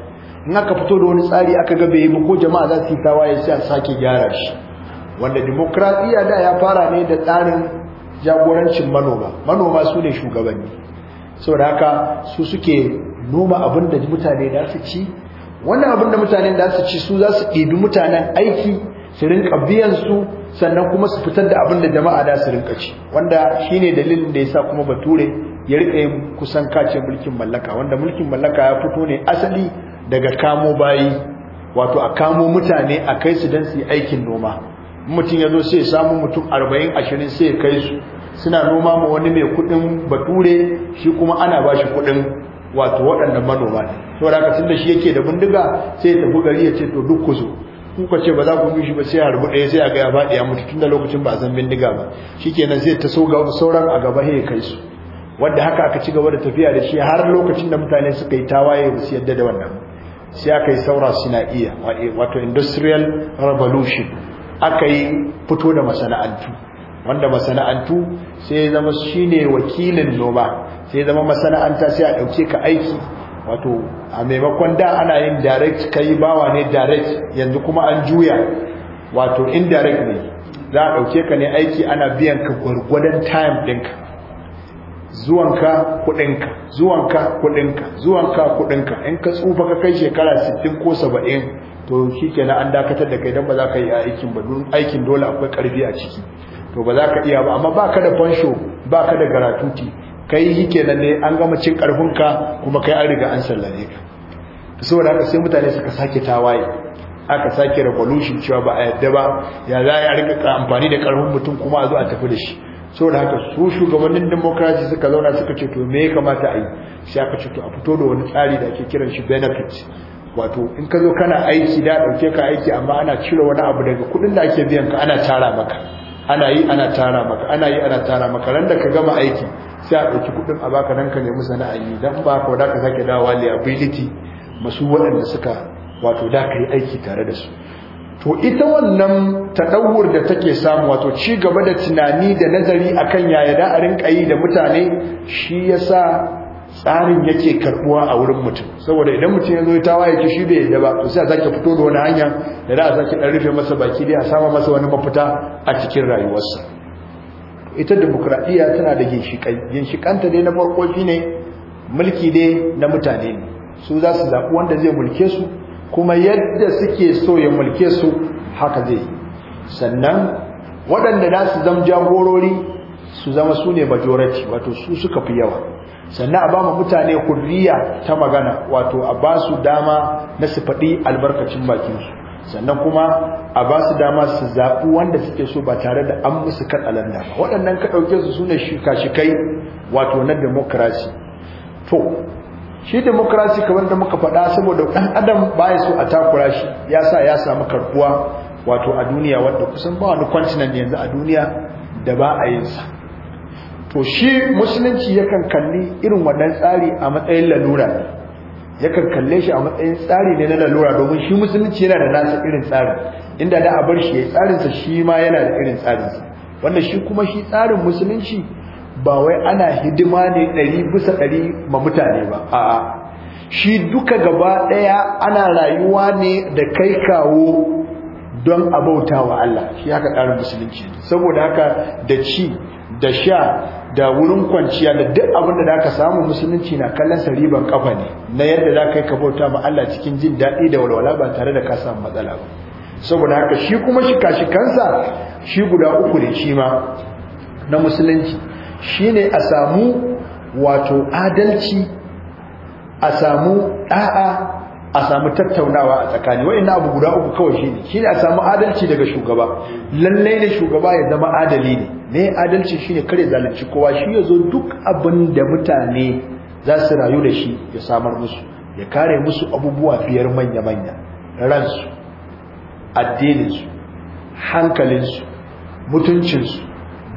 in aka fito da wani tsari aka ga bai yi ko jama'a za su yi tawa sai a sake gyara shi wanda demokradiyya da ya fara ne da tsarin jagorancin manoma manoma su ne shugabanni saboda haka su suke noma abin da mutane da su ci wannan abin da mutane da su ci su za su ɗebi mutanen aiki su rinka biyan su sannan kuma su fitar da abin da jama'a da su rinka ci wanda shine dalilin da yasa kuma bature ya rika yin kusan kace mulkin mallaka wanda mulkin mallaka ya fito ne asali daga kamo bayi wato a kamo mutane a kai su dan su yi aikin noma mutum ya zo sai ya samu mutum 40 20 sai ya kai su suna noma ma wani mai kudin bature shi kuma ana ba shi kudin wato waɗannan manoma ne saboda haka tunda shi yake da bindiga sai ya tafi gari ya ce to duk ku zo kuka ce ba za ku shi ba sai harbu ɗaya sai a gaya a faɗi ya mutu tunda lokacin ba a san bindiga ba Shi sai ta so ga sauran a gaba ya kai su wanda haka aka ci gaba da tafiya da shi har lokacin da mutane suka yi tawaye ba su yadda da wannan sai aka yi saura suna iya wato industrial revolution aka yi fito da masana'antu wanda masana'antu sai zama shine wakilin noma sai zama masana'anta sai a ɗauke ka aiki wato a maimakon da ana yin direct kai bawa ne direct yanzu kuma an juya wato indirect ne za a ɗauke ka ne aiki ana biyan ka gwargwadon time ɗinka zuwanka kuɗinka zuwanka kuɗinka zuwanka kuɗinka in ka tsufa ka kai shekara 60 ko 70 to shi kenan an dakatar da kai don ba za ka yi aikin ba don aikin dole akwai ƙarfi a ciki to ba za ka iya ba amma ba ka da fansho ba ka da garatuti kai yi kenan ne an gama cin ka kuma kai an riga an sallame ka saboda haka sai mutane suka sake tawaye aka sake revolution cewa ba a yadda ba ya za a rika amfani da karfin mutum kuma a zo a tafi da shi saboda haka su shugabannin democracy suka zauna suka ce to me ya kamata a yi sai aka ce to a fito da wani tsari da ake kiran shi benefit wato in ka zo kana aiki da dauke ka aiki amma ana cire wani abu daga kuɗin da ake biyan ka ana tara maka ana yi ana tara maka ana yi ana tara maka ran da ka gama aiki sai a ɗauki kuɗin a baka nan ka nemi sana'a yi don ba ka wadaka sake dawa liability masu waɗanda suka wato da ka yi aiki tare da su to ita wannan taɗawur da take samu wato ci gaba da tunani da nazari akan yaya da a rinka yi da mutane shi ya sa tsarin yake karɓuwa a wurin mutum saboda idan mutum ya zo ta waye ki shi bai yadda ba to sai a sake fito da wani hanya da za a sake ɗan rufe masa baki dai a sama masa wani mafita a cikin rayuwarsa ita demokradiyya tana da ginshiƙai ginshiƙanta dai na farko ne, mulki dai na mutane ne su za su zaɓi wanda zai mulke su kuma yadda suke so ya mulke su haka zai sannan waɗanda za su zama jagorori su zama su ne majority wato su suka fi yawa sannan a ba mu mutane hurriya ta magana wato a ba su dama na su faɗi albarkacin bakinsu sannan kuma a ba su dama su zaɓi wanda suke so ba tare da an musu da ba waɗannan ka ɗauke su sune shika-shikai wato na demokrasi to shi demokrasi kamar da muka faɗa saboda ɗan adam baya so a takura shi ya sa ya samu karɓuwa wato a duniya wadda kusan ba wani kwantinan yanzu a duniya da ba a yin to shi musulunci yakan kalli irin wannan tsari a matsayin lalura yakan kalle shi a matsayin tsari ne na lalura domin shi musulunci yana da nasa irin tsari, inda da a bar shi ya tsarinsa shi ma yana da irin tsarinsa wanda shi kuma shi tsarin musulunci ba wai ana hidima ne ɗari bisa ɗari ma mutane ba a'a shi duka gaba ɗaya ana rayuwa ne da kai kawo don a bauta wa Allah shi haka tsarin musulunci saboda haka da ci da sha da wurin kwanciya da duk abin da zaka samu musulunci na kallon sa kafa ne na yadda zaka yi ka bauta ma Allah cikin jin daɗi da walwala ba tare da ka samu matsala ba saboda haka shi kuma kashi kansa shi guda uku ne shi ma na musulunci Shi ne a samu wato adalci a samu da'a a samu tattaunawa a tsakani ina abu guda uku kawai shine ne a samu adalci daga shugaba Lallai ne shugaba ya zama adali ne ne adalci shine kare zalunci kowa shi ya zo duk abin da mutane za su rayu da shi ya samar musu ya kare musu abubuwa biyar manya manya ransu addininsu hankalinsu mutuncinsu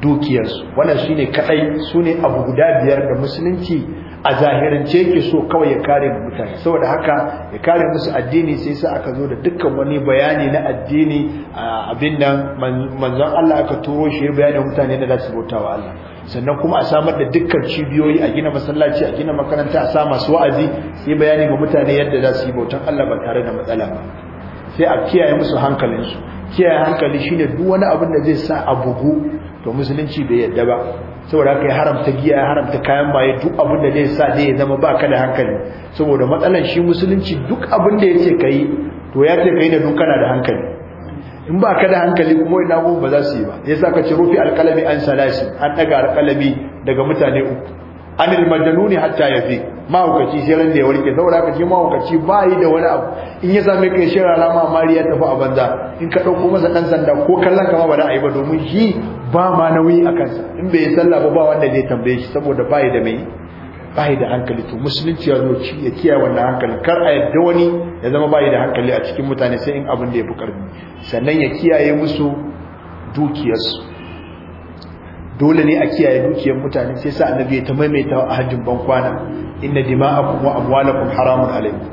dukiyarsu wannan shine kadai sune abu guda biyar da musulunci a zahirance yake so kawai ya kare mutane saboda haka ya kare musu addini sai sa aka zo da dukkan wani bayani na addini abin nan manzon Allah aka turo shi bayanin mutane da za su bauta wa Allah sannan kuma a samar da dukkan cibiyoyi a gina masallaci a gina makaranta a sa masu wa'azi sai bayani ga mutane yadda za su yi bautan Allah ba tare da matsala ba sai a kiyaye musu hankalinsu kiyaye hankali shine duk wani abin da zai sa a bugu to musulunci bai yadda ba saboda haka ya haramta giya ya haramta kayan maye duk abin da zai sa zai ya zama baka da hankali saboda matsalan shi musulunci duk abin da yace kai to ya ce kai ne duk kana da hankali in baka da hankali kuma ina gobe ba za su yi ba yasa ka ce rufi alqalami an salasi an daga alqalami daga mutane uku anil majnuni hatta ma mahaukaci sai ran da ya warke saboda haka shi mahaukaci ba yi da wani abu in ya same ka shi rana ma Mariya ya tafi a banza in ka dauko masa dan sanda ko kallon ka ma ba da ayi ba domin shi ba ma nauyi a kansa in bai sallah ba ba wanda zai tambaye shi saboda ba da mai ba da hankali to musulunci ya zo ya kiyaye wannan hankali kar a yadda wani ya zama ba da hankali a cikin mutane sai in abin da ya fi karfi sannan ya kiyaye musu dukiyarsu dole ne a kiyaye dukiyar mutane sai sa annabi ya ta maimaita a hajjin ban kwana inna dima'akum wa amwalakum haramun alaykum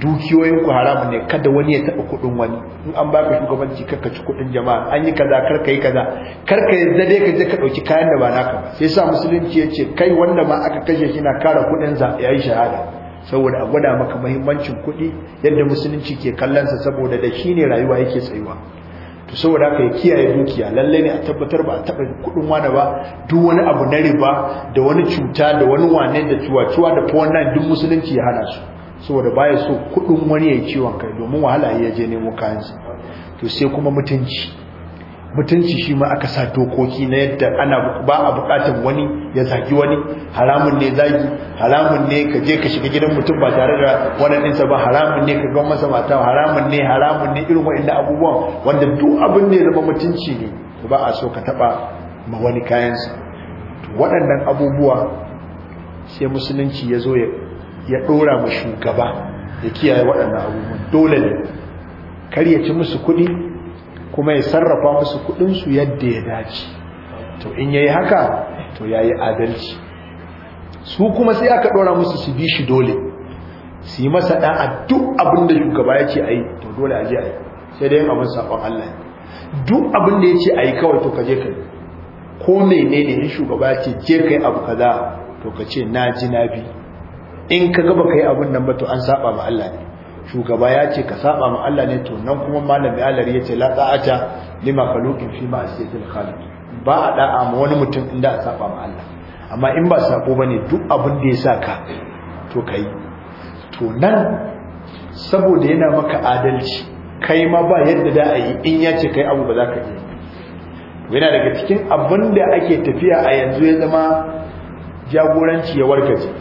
dukiyoyin ku ne kada wani ya taba kudin wani in an baka shugabanci karka ci kudin jama'a an yi kaza karka yi kaza karka yadda dai ka je ka dauki kayan da ba naka ba sai sa musulunci yace kai wanda ma aka kashe shi na kara kudin sa yayi shahada saboda a gwada maka muhimmancin kudi yadda musulunci ke kallon saboda da shi ne rayuwa yake tsayuwa to saboda haka ya kiyaye dukiya lallai ne a tabbatar ba a taɓa kudin wani ba duk wani abu na riba da wani cuta da wani wane da cuwa-cuwa da fa wannan duk musulunci ya hana su saboda baya so kudin wani ya yi ciwon kai domin wahala ya je nemo kayansa to sai kuma mutunci mutunci shi ma aka sa dokoki na yadda ana ba a bukatar wani ya zagi wani haramun ne zagi haramun ne ka je ka shiga gidan mutum ba tare da wannan ɗinsa ba haramun ne ka gan masa mata haramun ne haramun ne irin wa'in abubuwan wanda duk abin ne zama mutunci ne ba a so ka taba ma wani kayansa waɗannan abubuwa sai musulunci ya zo ya ɗora ma shugaba ya kiyaye waɗannan abubuwan dole ne kar ya ci musu kuɗi kuma ya sarrafa musu kuɗinsu yadda ya dace to in yayi haka to yayi adalci su kuma sai aka ɗora musu su bi shi dole su yi masa da duk abin da shugaba ya ce a yi to dole a je a yi sai dai abin saƙon Allah duk abin da ya ce a yi kawai to ka je ka yi ko menene in shugaba ya ce je ka yi abu kaza to ka ce na ji na bi in ka gaba ka yi abin nan ba to an saba ma Allah ne shugaba ya ce ka saba ma Allah ne to nan kuma malami alari ya ce la ta'ata lima falukin fi ma asyatil khaliq ba a da'a ma wani mutum inda a saba ma Allah amma in ba sako bane duk abin da ya saka to kai to nan saboda yana maka adalci kai ma ba yadda da a yi in ya ce kai abu ba za ka yi yana daga cikin abin da ake tafiya a yanzu ya zama jagoranci ya warkace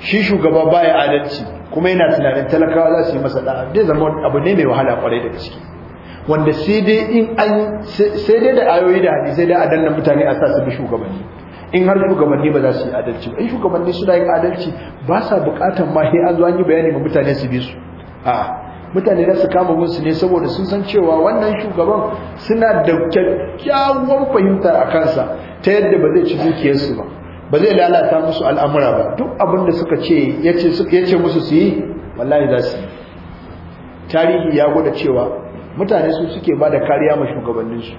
shi shugaba baya adalci kuma yana tunanin talakawa za su yi masa da'a dai zama abu ne mai wahala kwarai da gaske wanda sai dai in an sai dai da ayoyi da hadisi da adannan mutane a sa su bi shugabanni in har shugabanni ba za su yi adalci ba in shugabanni suna yin adalci ba sa bukatan ma sai an zo an yi bayani ma mutane su bi su a'a mutane da su kama musu ne saboda sun san cewa wannan shugaban suna da kyakkyawar fahimta a kansa ta yadda ba zai ci dukiyarsu ba ba zai lalata musu al'amura ba duk abin da suka ce ya ce musu su yi wallahi za su yi tarihi ya gwada cewa mutane su suke ba da kariya ma shugabanninsu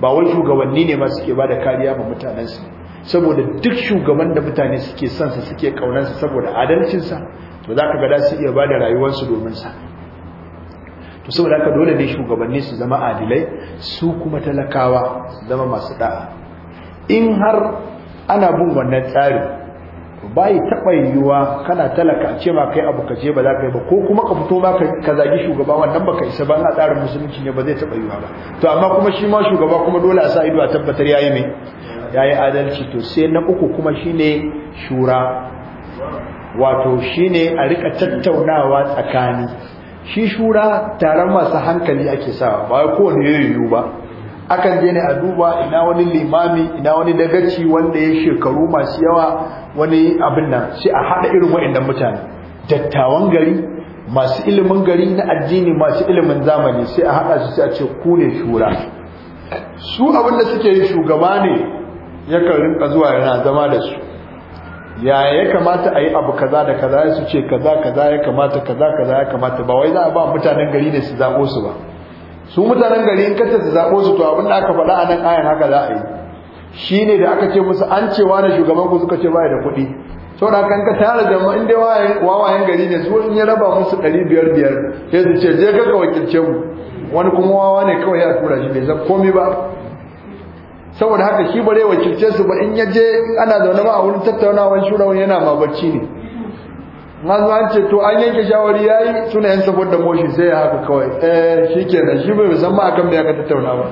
ba wai shugabanni ne ma suke ba da kariya ma mutanensu saboda duk shugaban da mutane suke sansa suke kaunansa saboda adalcinsa to za ka gada su iya ba da rayuwarsu domin sa to saboda haka dole ne shugabanni su zama adilai su kuma talakawa su zama masu da'a in har ana bin wannan tsari bai taba yiwuwa kana talaka ce ma kai abu ka je ba za ka yi ba ko kuma ka fito ma ka zagi shugaba wannan ka isa ba na tsarin musulunci ne ba zai taɓa yiwuwa ba to amma kuma shi ma shugaba kuma dole a sa ido a tabbatar yayi Ya yayi adalci to sai na uku kuma shine shura wato shine a rika tattaunawa tsakani shi shura taron masu hankali ake sa ba kowane yayin ba akan je ne a duba ina wani limami ina wani dagaci wanda ya shekaru masu yawa wani abin nan sai a haɗa irin waɗannan mutane dattawan gari masu ilimin gari na addini masu ilimin zamani sai a haɗa su sai a ce ku ne shura su abin da suke yi shugaba ne yakan rinka zuwa yana zama da su ya ya kamata a yi abu kaza da kaza su ce kaza kaza ya kamata kaza kaza ya kamata ba wai za a ba mutanen gari ne su zaɓo su ba su mutanen gari in kace su zabo su to abin da aka faɗa a nan ayan haka za a yi shine da aka ce musu an cewa na shugaban ku suka ce baya da kuɗi saboda da kanka tare jama'a in dai wawayen gari ne su in ya raba musu ɗari biyar biyar sai su ce je kaka wakilce mu wani kuma wawa ne kawai ya tura shi bai zan komai ba saboda haka shi bare wakilce su ba in ya je ana zaune ba a wurin tattaunawar shura yana ma bacci ne na an ce to an yanke shawari yayi suna yin saboda moshi sai ya haka kawai eh shikenan shi bai san ma akan me aka tattauna ba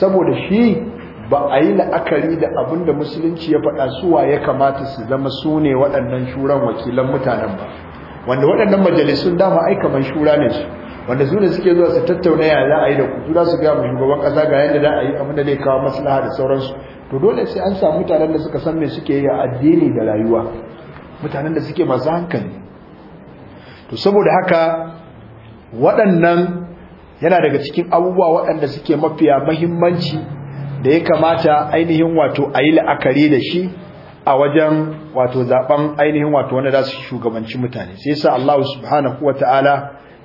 saboda shi ba a yi la'akari da abin da musulunci ya faɗa suwa ya kamata su zama su ne waɗannan shuran wakilan mutanen ba wanda waɗannan majalisun dama ai kamar shura ne su wanda su ne suke zuwa su tattauna ya za a yi da ku su gaya shugaban ƙasa ga yadda za a yi abin da zai kawo maslaha da sauransu to dole sai an samu mutanen da suka san me suke yi a addini da rayuwa mutanen da suke masu hankali to saboda haka waɗannan yana daga cikin abubuwa waɗanda suke mafiya mahimmanci da ya kamata ainihin wato a yi la'akari da shi a wajen wato zaben ainihin wato wanda za su shugabanci mutane sai sa Allah subhanahu wa ta'ala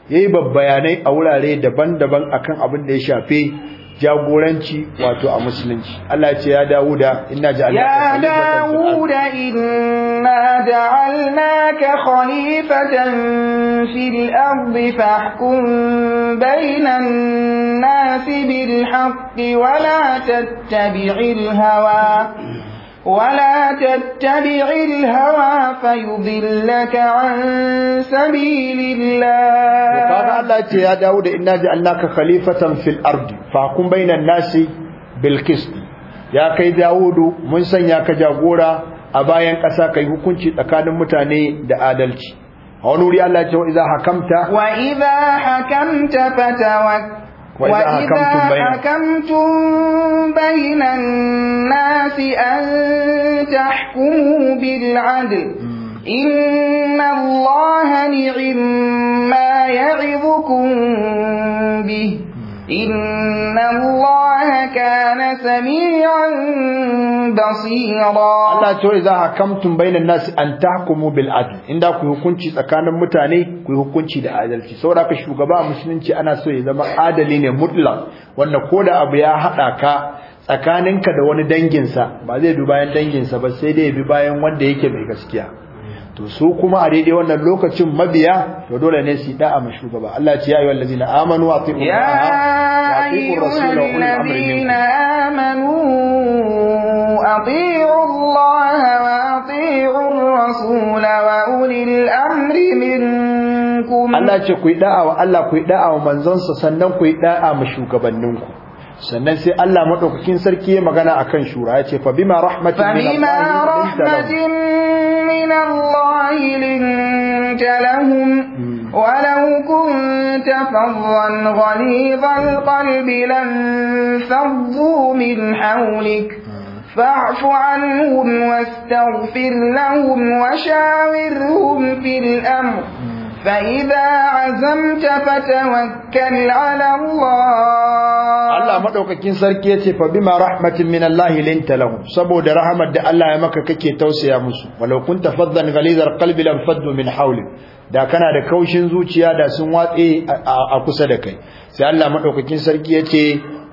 ya yi babbayanai a wurare daban-daban akan abin da ya shafe jagoranci wato a musulunci Allah ce ya Dawuda inna ja'alnaka ya Dawuda inna ja'alnaka khalifatan fil ardi fahkum bainan nasi bil haqqi wa la tattabi'il hawa ولا تتبع الهوى فيضلك عن سبيل الله وقال الله يا داود إنا جعلناك خليفة في الأرض فحكم بين الناس بالقسط يا كي داود من سنيا كجاغورا أبايا كسا كي hukunci tsakanin mutane da adalci a wani wuri Allah ya ce wa idza hakamta wa idza hakamta fatawakkal وإذا, وإذا حكمتم, بين حكمتم بين الناس أن تحكموا بالعدل إن الله نعم ما يعظكم به إن الله كان سميعا بصيرا الله تو إذا حكمتم بين الناس أن تحكموا بالعدل إن داكو hukunci tsakanin mutane kuyi hukunci da adalci saboda ka shugaba musulunci ana so ya zama adali ne mutlaq wanda koda abu ya haɗa ka tsakaninka da wani danginsa ba zai bi bayan danginsa ba sai dai ya bi bayan wanda yake mai gaskiya to su kuma a daidai wannan lokacin mabiya to dole ne su da'a ma shugaba Allah ce ya ayyuhal ladina amanu wa atiiu ya ayyuhal ladina amanu atiiu Allah wa atiiu ar-rasul wa ulil amri minkum Allah ce ku da'a wa Allah ku da'a wa manzon sa sannan ku da'a ma shugabanninku sannan sai Allah madaukakin sarki ya magana akan shura ya ce fa bima rahmatin min Allah من الله لنت لهم ولو كنت فظا غليظ القلب لانفضوا من حولك آه. فاعف عنهم واستغفر لهم وشاورهم في الأمر فإذا عزمت فتوكل على الله Allah madaukakin sarki yace fa bima rahmatin min Allah linta lahum saboda rahmat da Allah ya maka kake tausaya musu walau kunta faddan ghalizal qalbi lam faddu min hawli da kana da kaushin zuciya da sun watse a kusa da kai sai Allah madaukakin sarki yace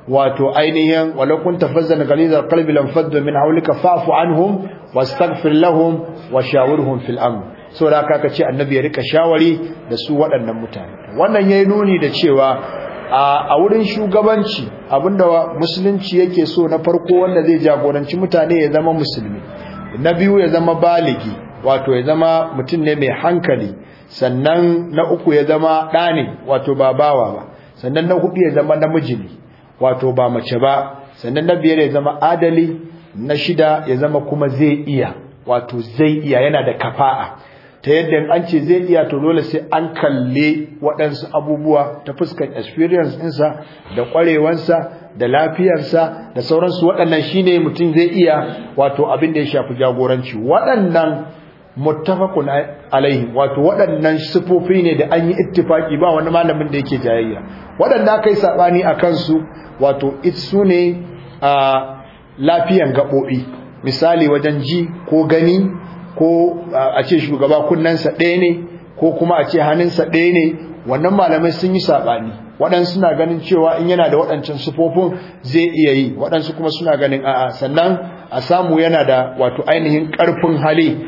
wato ainihin walau kunta faddan ghalizal qalbi lam faddu min hawlika fa'fu anhum wastaghfir lahum wa fil amr saboda da ka ce annabi ya rika shawari da su waɗannan mutane wannan yayi nuni da cewa a wurin shugabanci abinda musulunci yake so na farko wanda zai jagoranci mutane ya zama musulmi na biyu ya zama baligi wato ya zama mutum ne mai hankali sannan na uku ya zama ɗani wato ba bawa ba sannan na hudu ya zama namiji ne wato ba mace ba sannan na biyar ya zama adali na shida ya zama kuma zai iya wato zai iya yana da kafa'a ta yadda an ce zai iya to dole sai an kalle waɗansu abubuwa ta fuskan experience ɗinsa da ƙwarewansa da lafiyarsa da sauransu waɗannan shi ne mutum zai iya wato abin da ya shafi jagoranci waɗannan muttafaqun alaihi wato waɗannan sifofi ne da an yi ittifaki ba wani malamin da yake jayayya waɗanda aka yi saɓani a kansu wato su ne a lafiyan gaɓoɓi misali wajen ji ko gani ko a ce shugaba kunnensa ɗaya ne ko kuma a ce hannun sa ɗaya ne wannan malamai sun yi saɓani waɗansu suna ganin cewa in yana da waɗancan sufofin zai iya yi waɗansu kuma suna ganin a'a sannan a samu yana da wato ainihin ƙarfin hali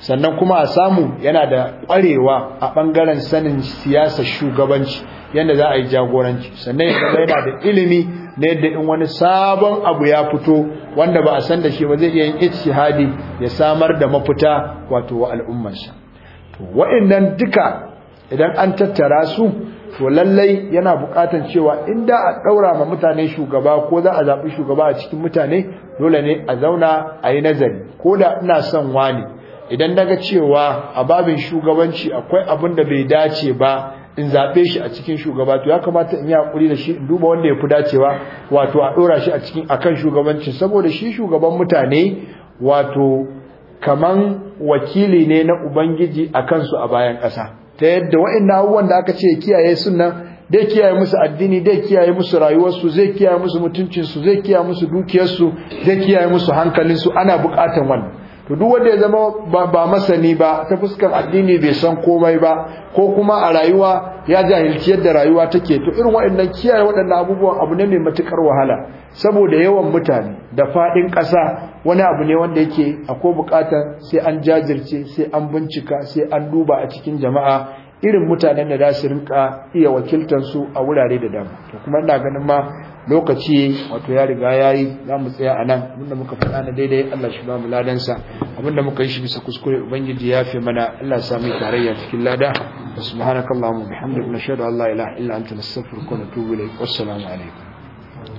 sannan kuma a samu yana da ƙwarewa a ɓangaren sanin siyasar shugabanci yadda za a yi jagoranci sannan ya zama yana da ilimi na yadda in wani sabon abu ya fito wanda ba a san da shi ba zai iya yin ijtihadi ya samar da mafita wato wa al'ummarsa to wa'annan duka idan an tattara su to lallai yana bukatan cewa in da a ɗaura ma mutane shugaba ko za a zaɓi shugaba a cikin mutane dole ne a zauna a yi nazari ko da ina son wani idan daga cewa a babin shugabanci akwai abin da bai dace ba in zaɓe shi a cikin shugaba to ya kamata in yi hakuri da shi in duba wanda ya fi dacewa wato a ɗora shi a cikin akan shugabanci saboda shi shugaban mutane wato kaman wakili ne na ubangiji a kansu a bayan ƙasa ta yadda waɗannan abubuwan da aka ce kiyaye sunan dai kiyaye musu addini dai kiyaye musu rayuwarsu zai kiyaye musu mutuncinsu zai kiyaye musu dukiyarsu zai kiyaye musu hankalinsu ana bukatan wannan to duk wanda ya zama ba masani ba ta fuskar addini bai san komai ba ko kuma a rayuwa ya jahilci yadda rayuwa take to irin waɗannan kiyaye waɗannan abubuwan abu ne mai matukar wahala saboda yawan mutane da faɗin ƙasa wani abu ne wanda yake akwai buƙatar sai an jajirce sai an bincika sai an duba a cikin jama'a irin mutanen da za su rinka iya wakiltansu a wurare da dama to kuma ina ganin ma lokaci wato ya riga yayi za mu tsaya a nan abinda muka faɗa na daidai Allah shi ba mu ladansa abinda muka yi shi bisa kuskure ubangiji ya fi mana Allah ya sami tarayya cikin lada subhanakallahumma bihamdika nashhadu an la ilaha illa anta nastaghfiruka wa natubu ilayk wassalamu alaikum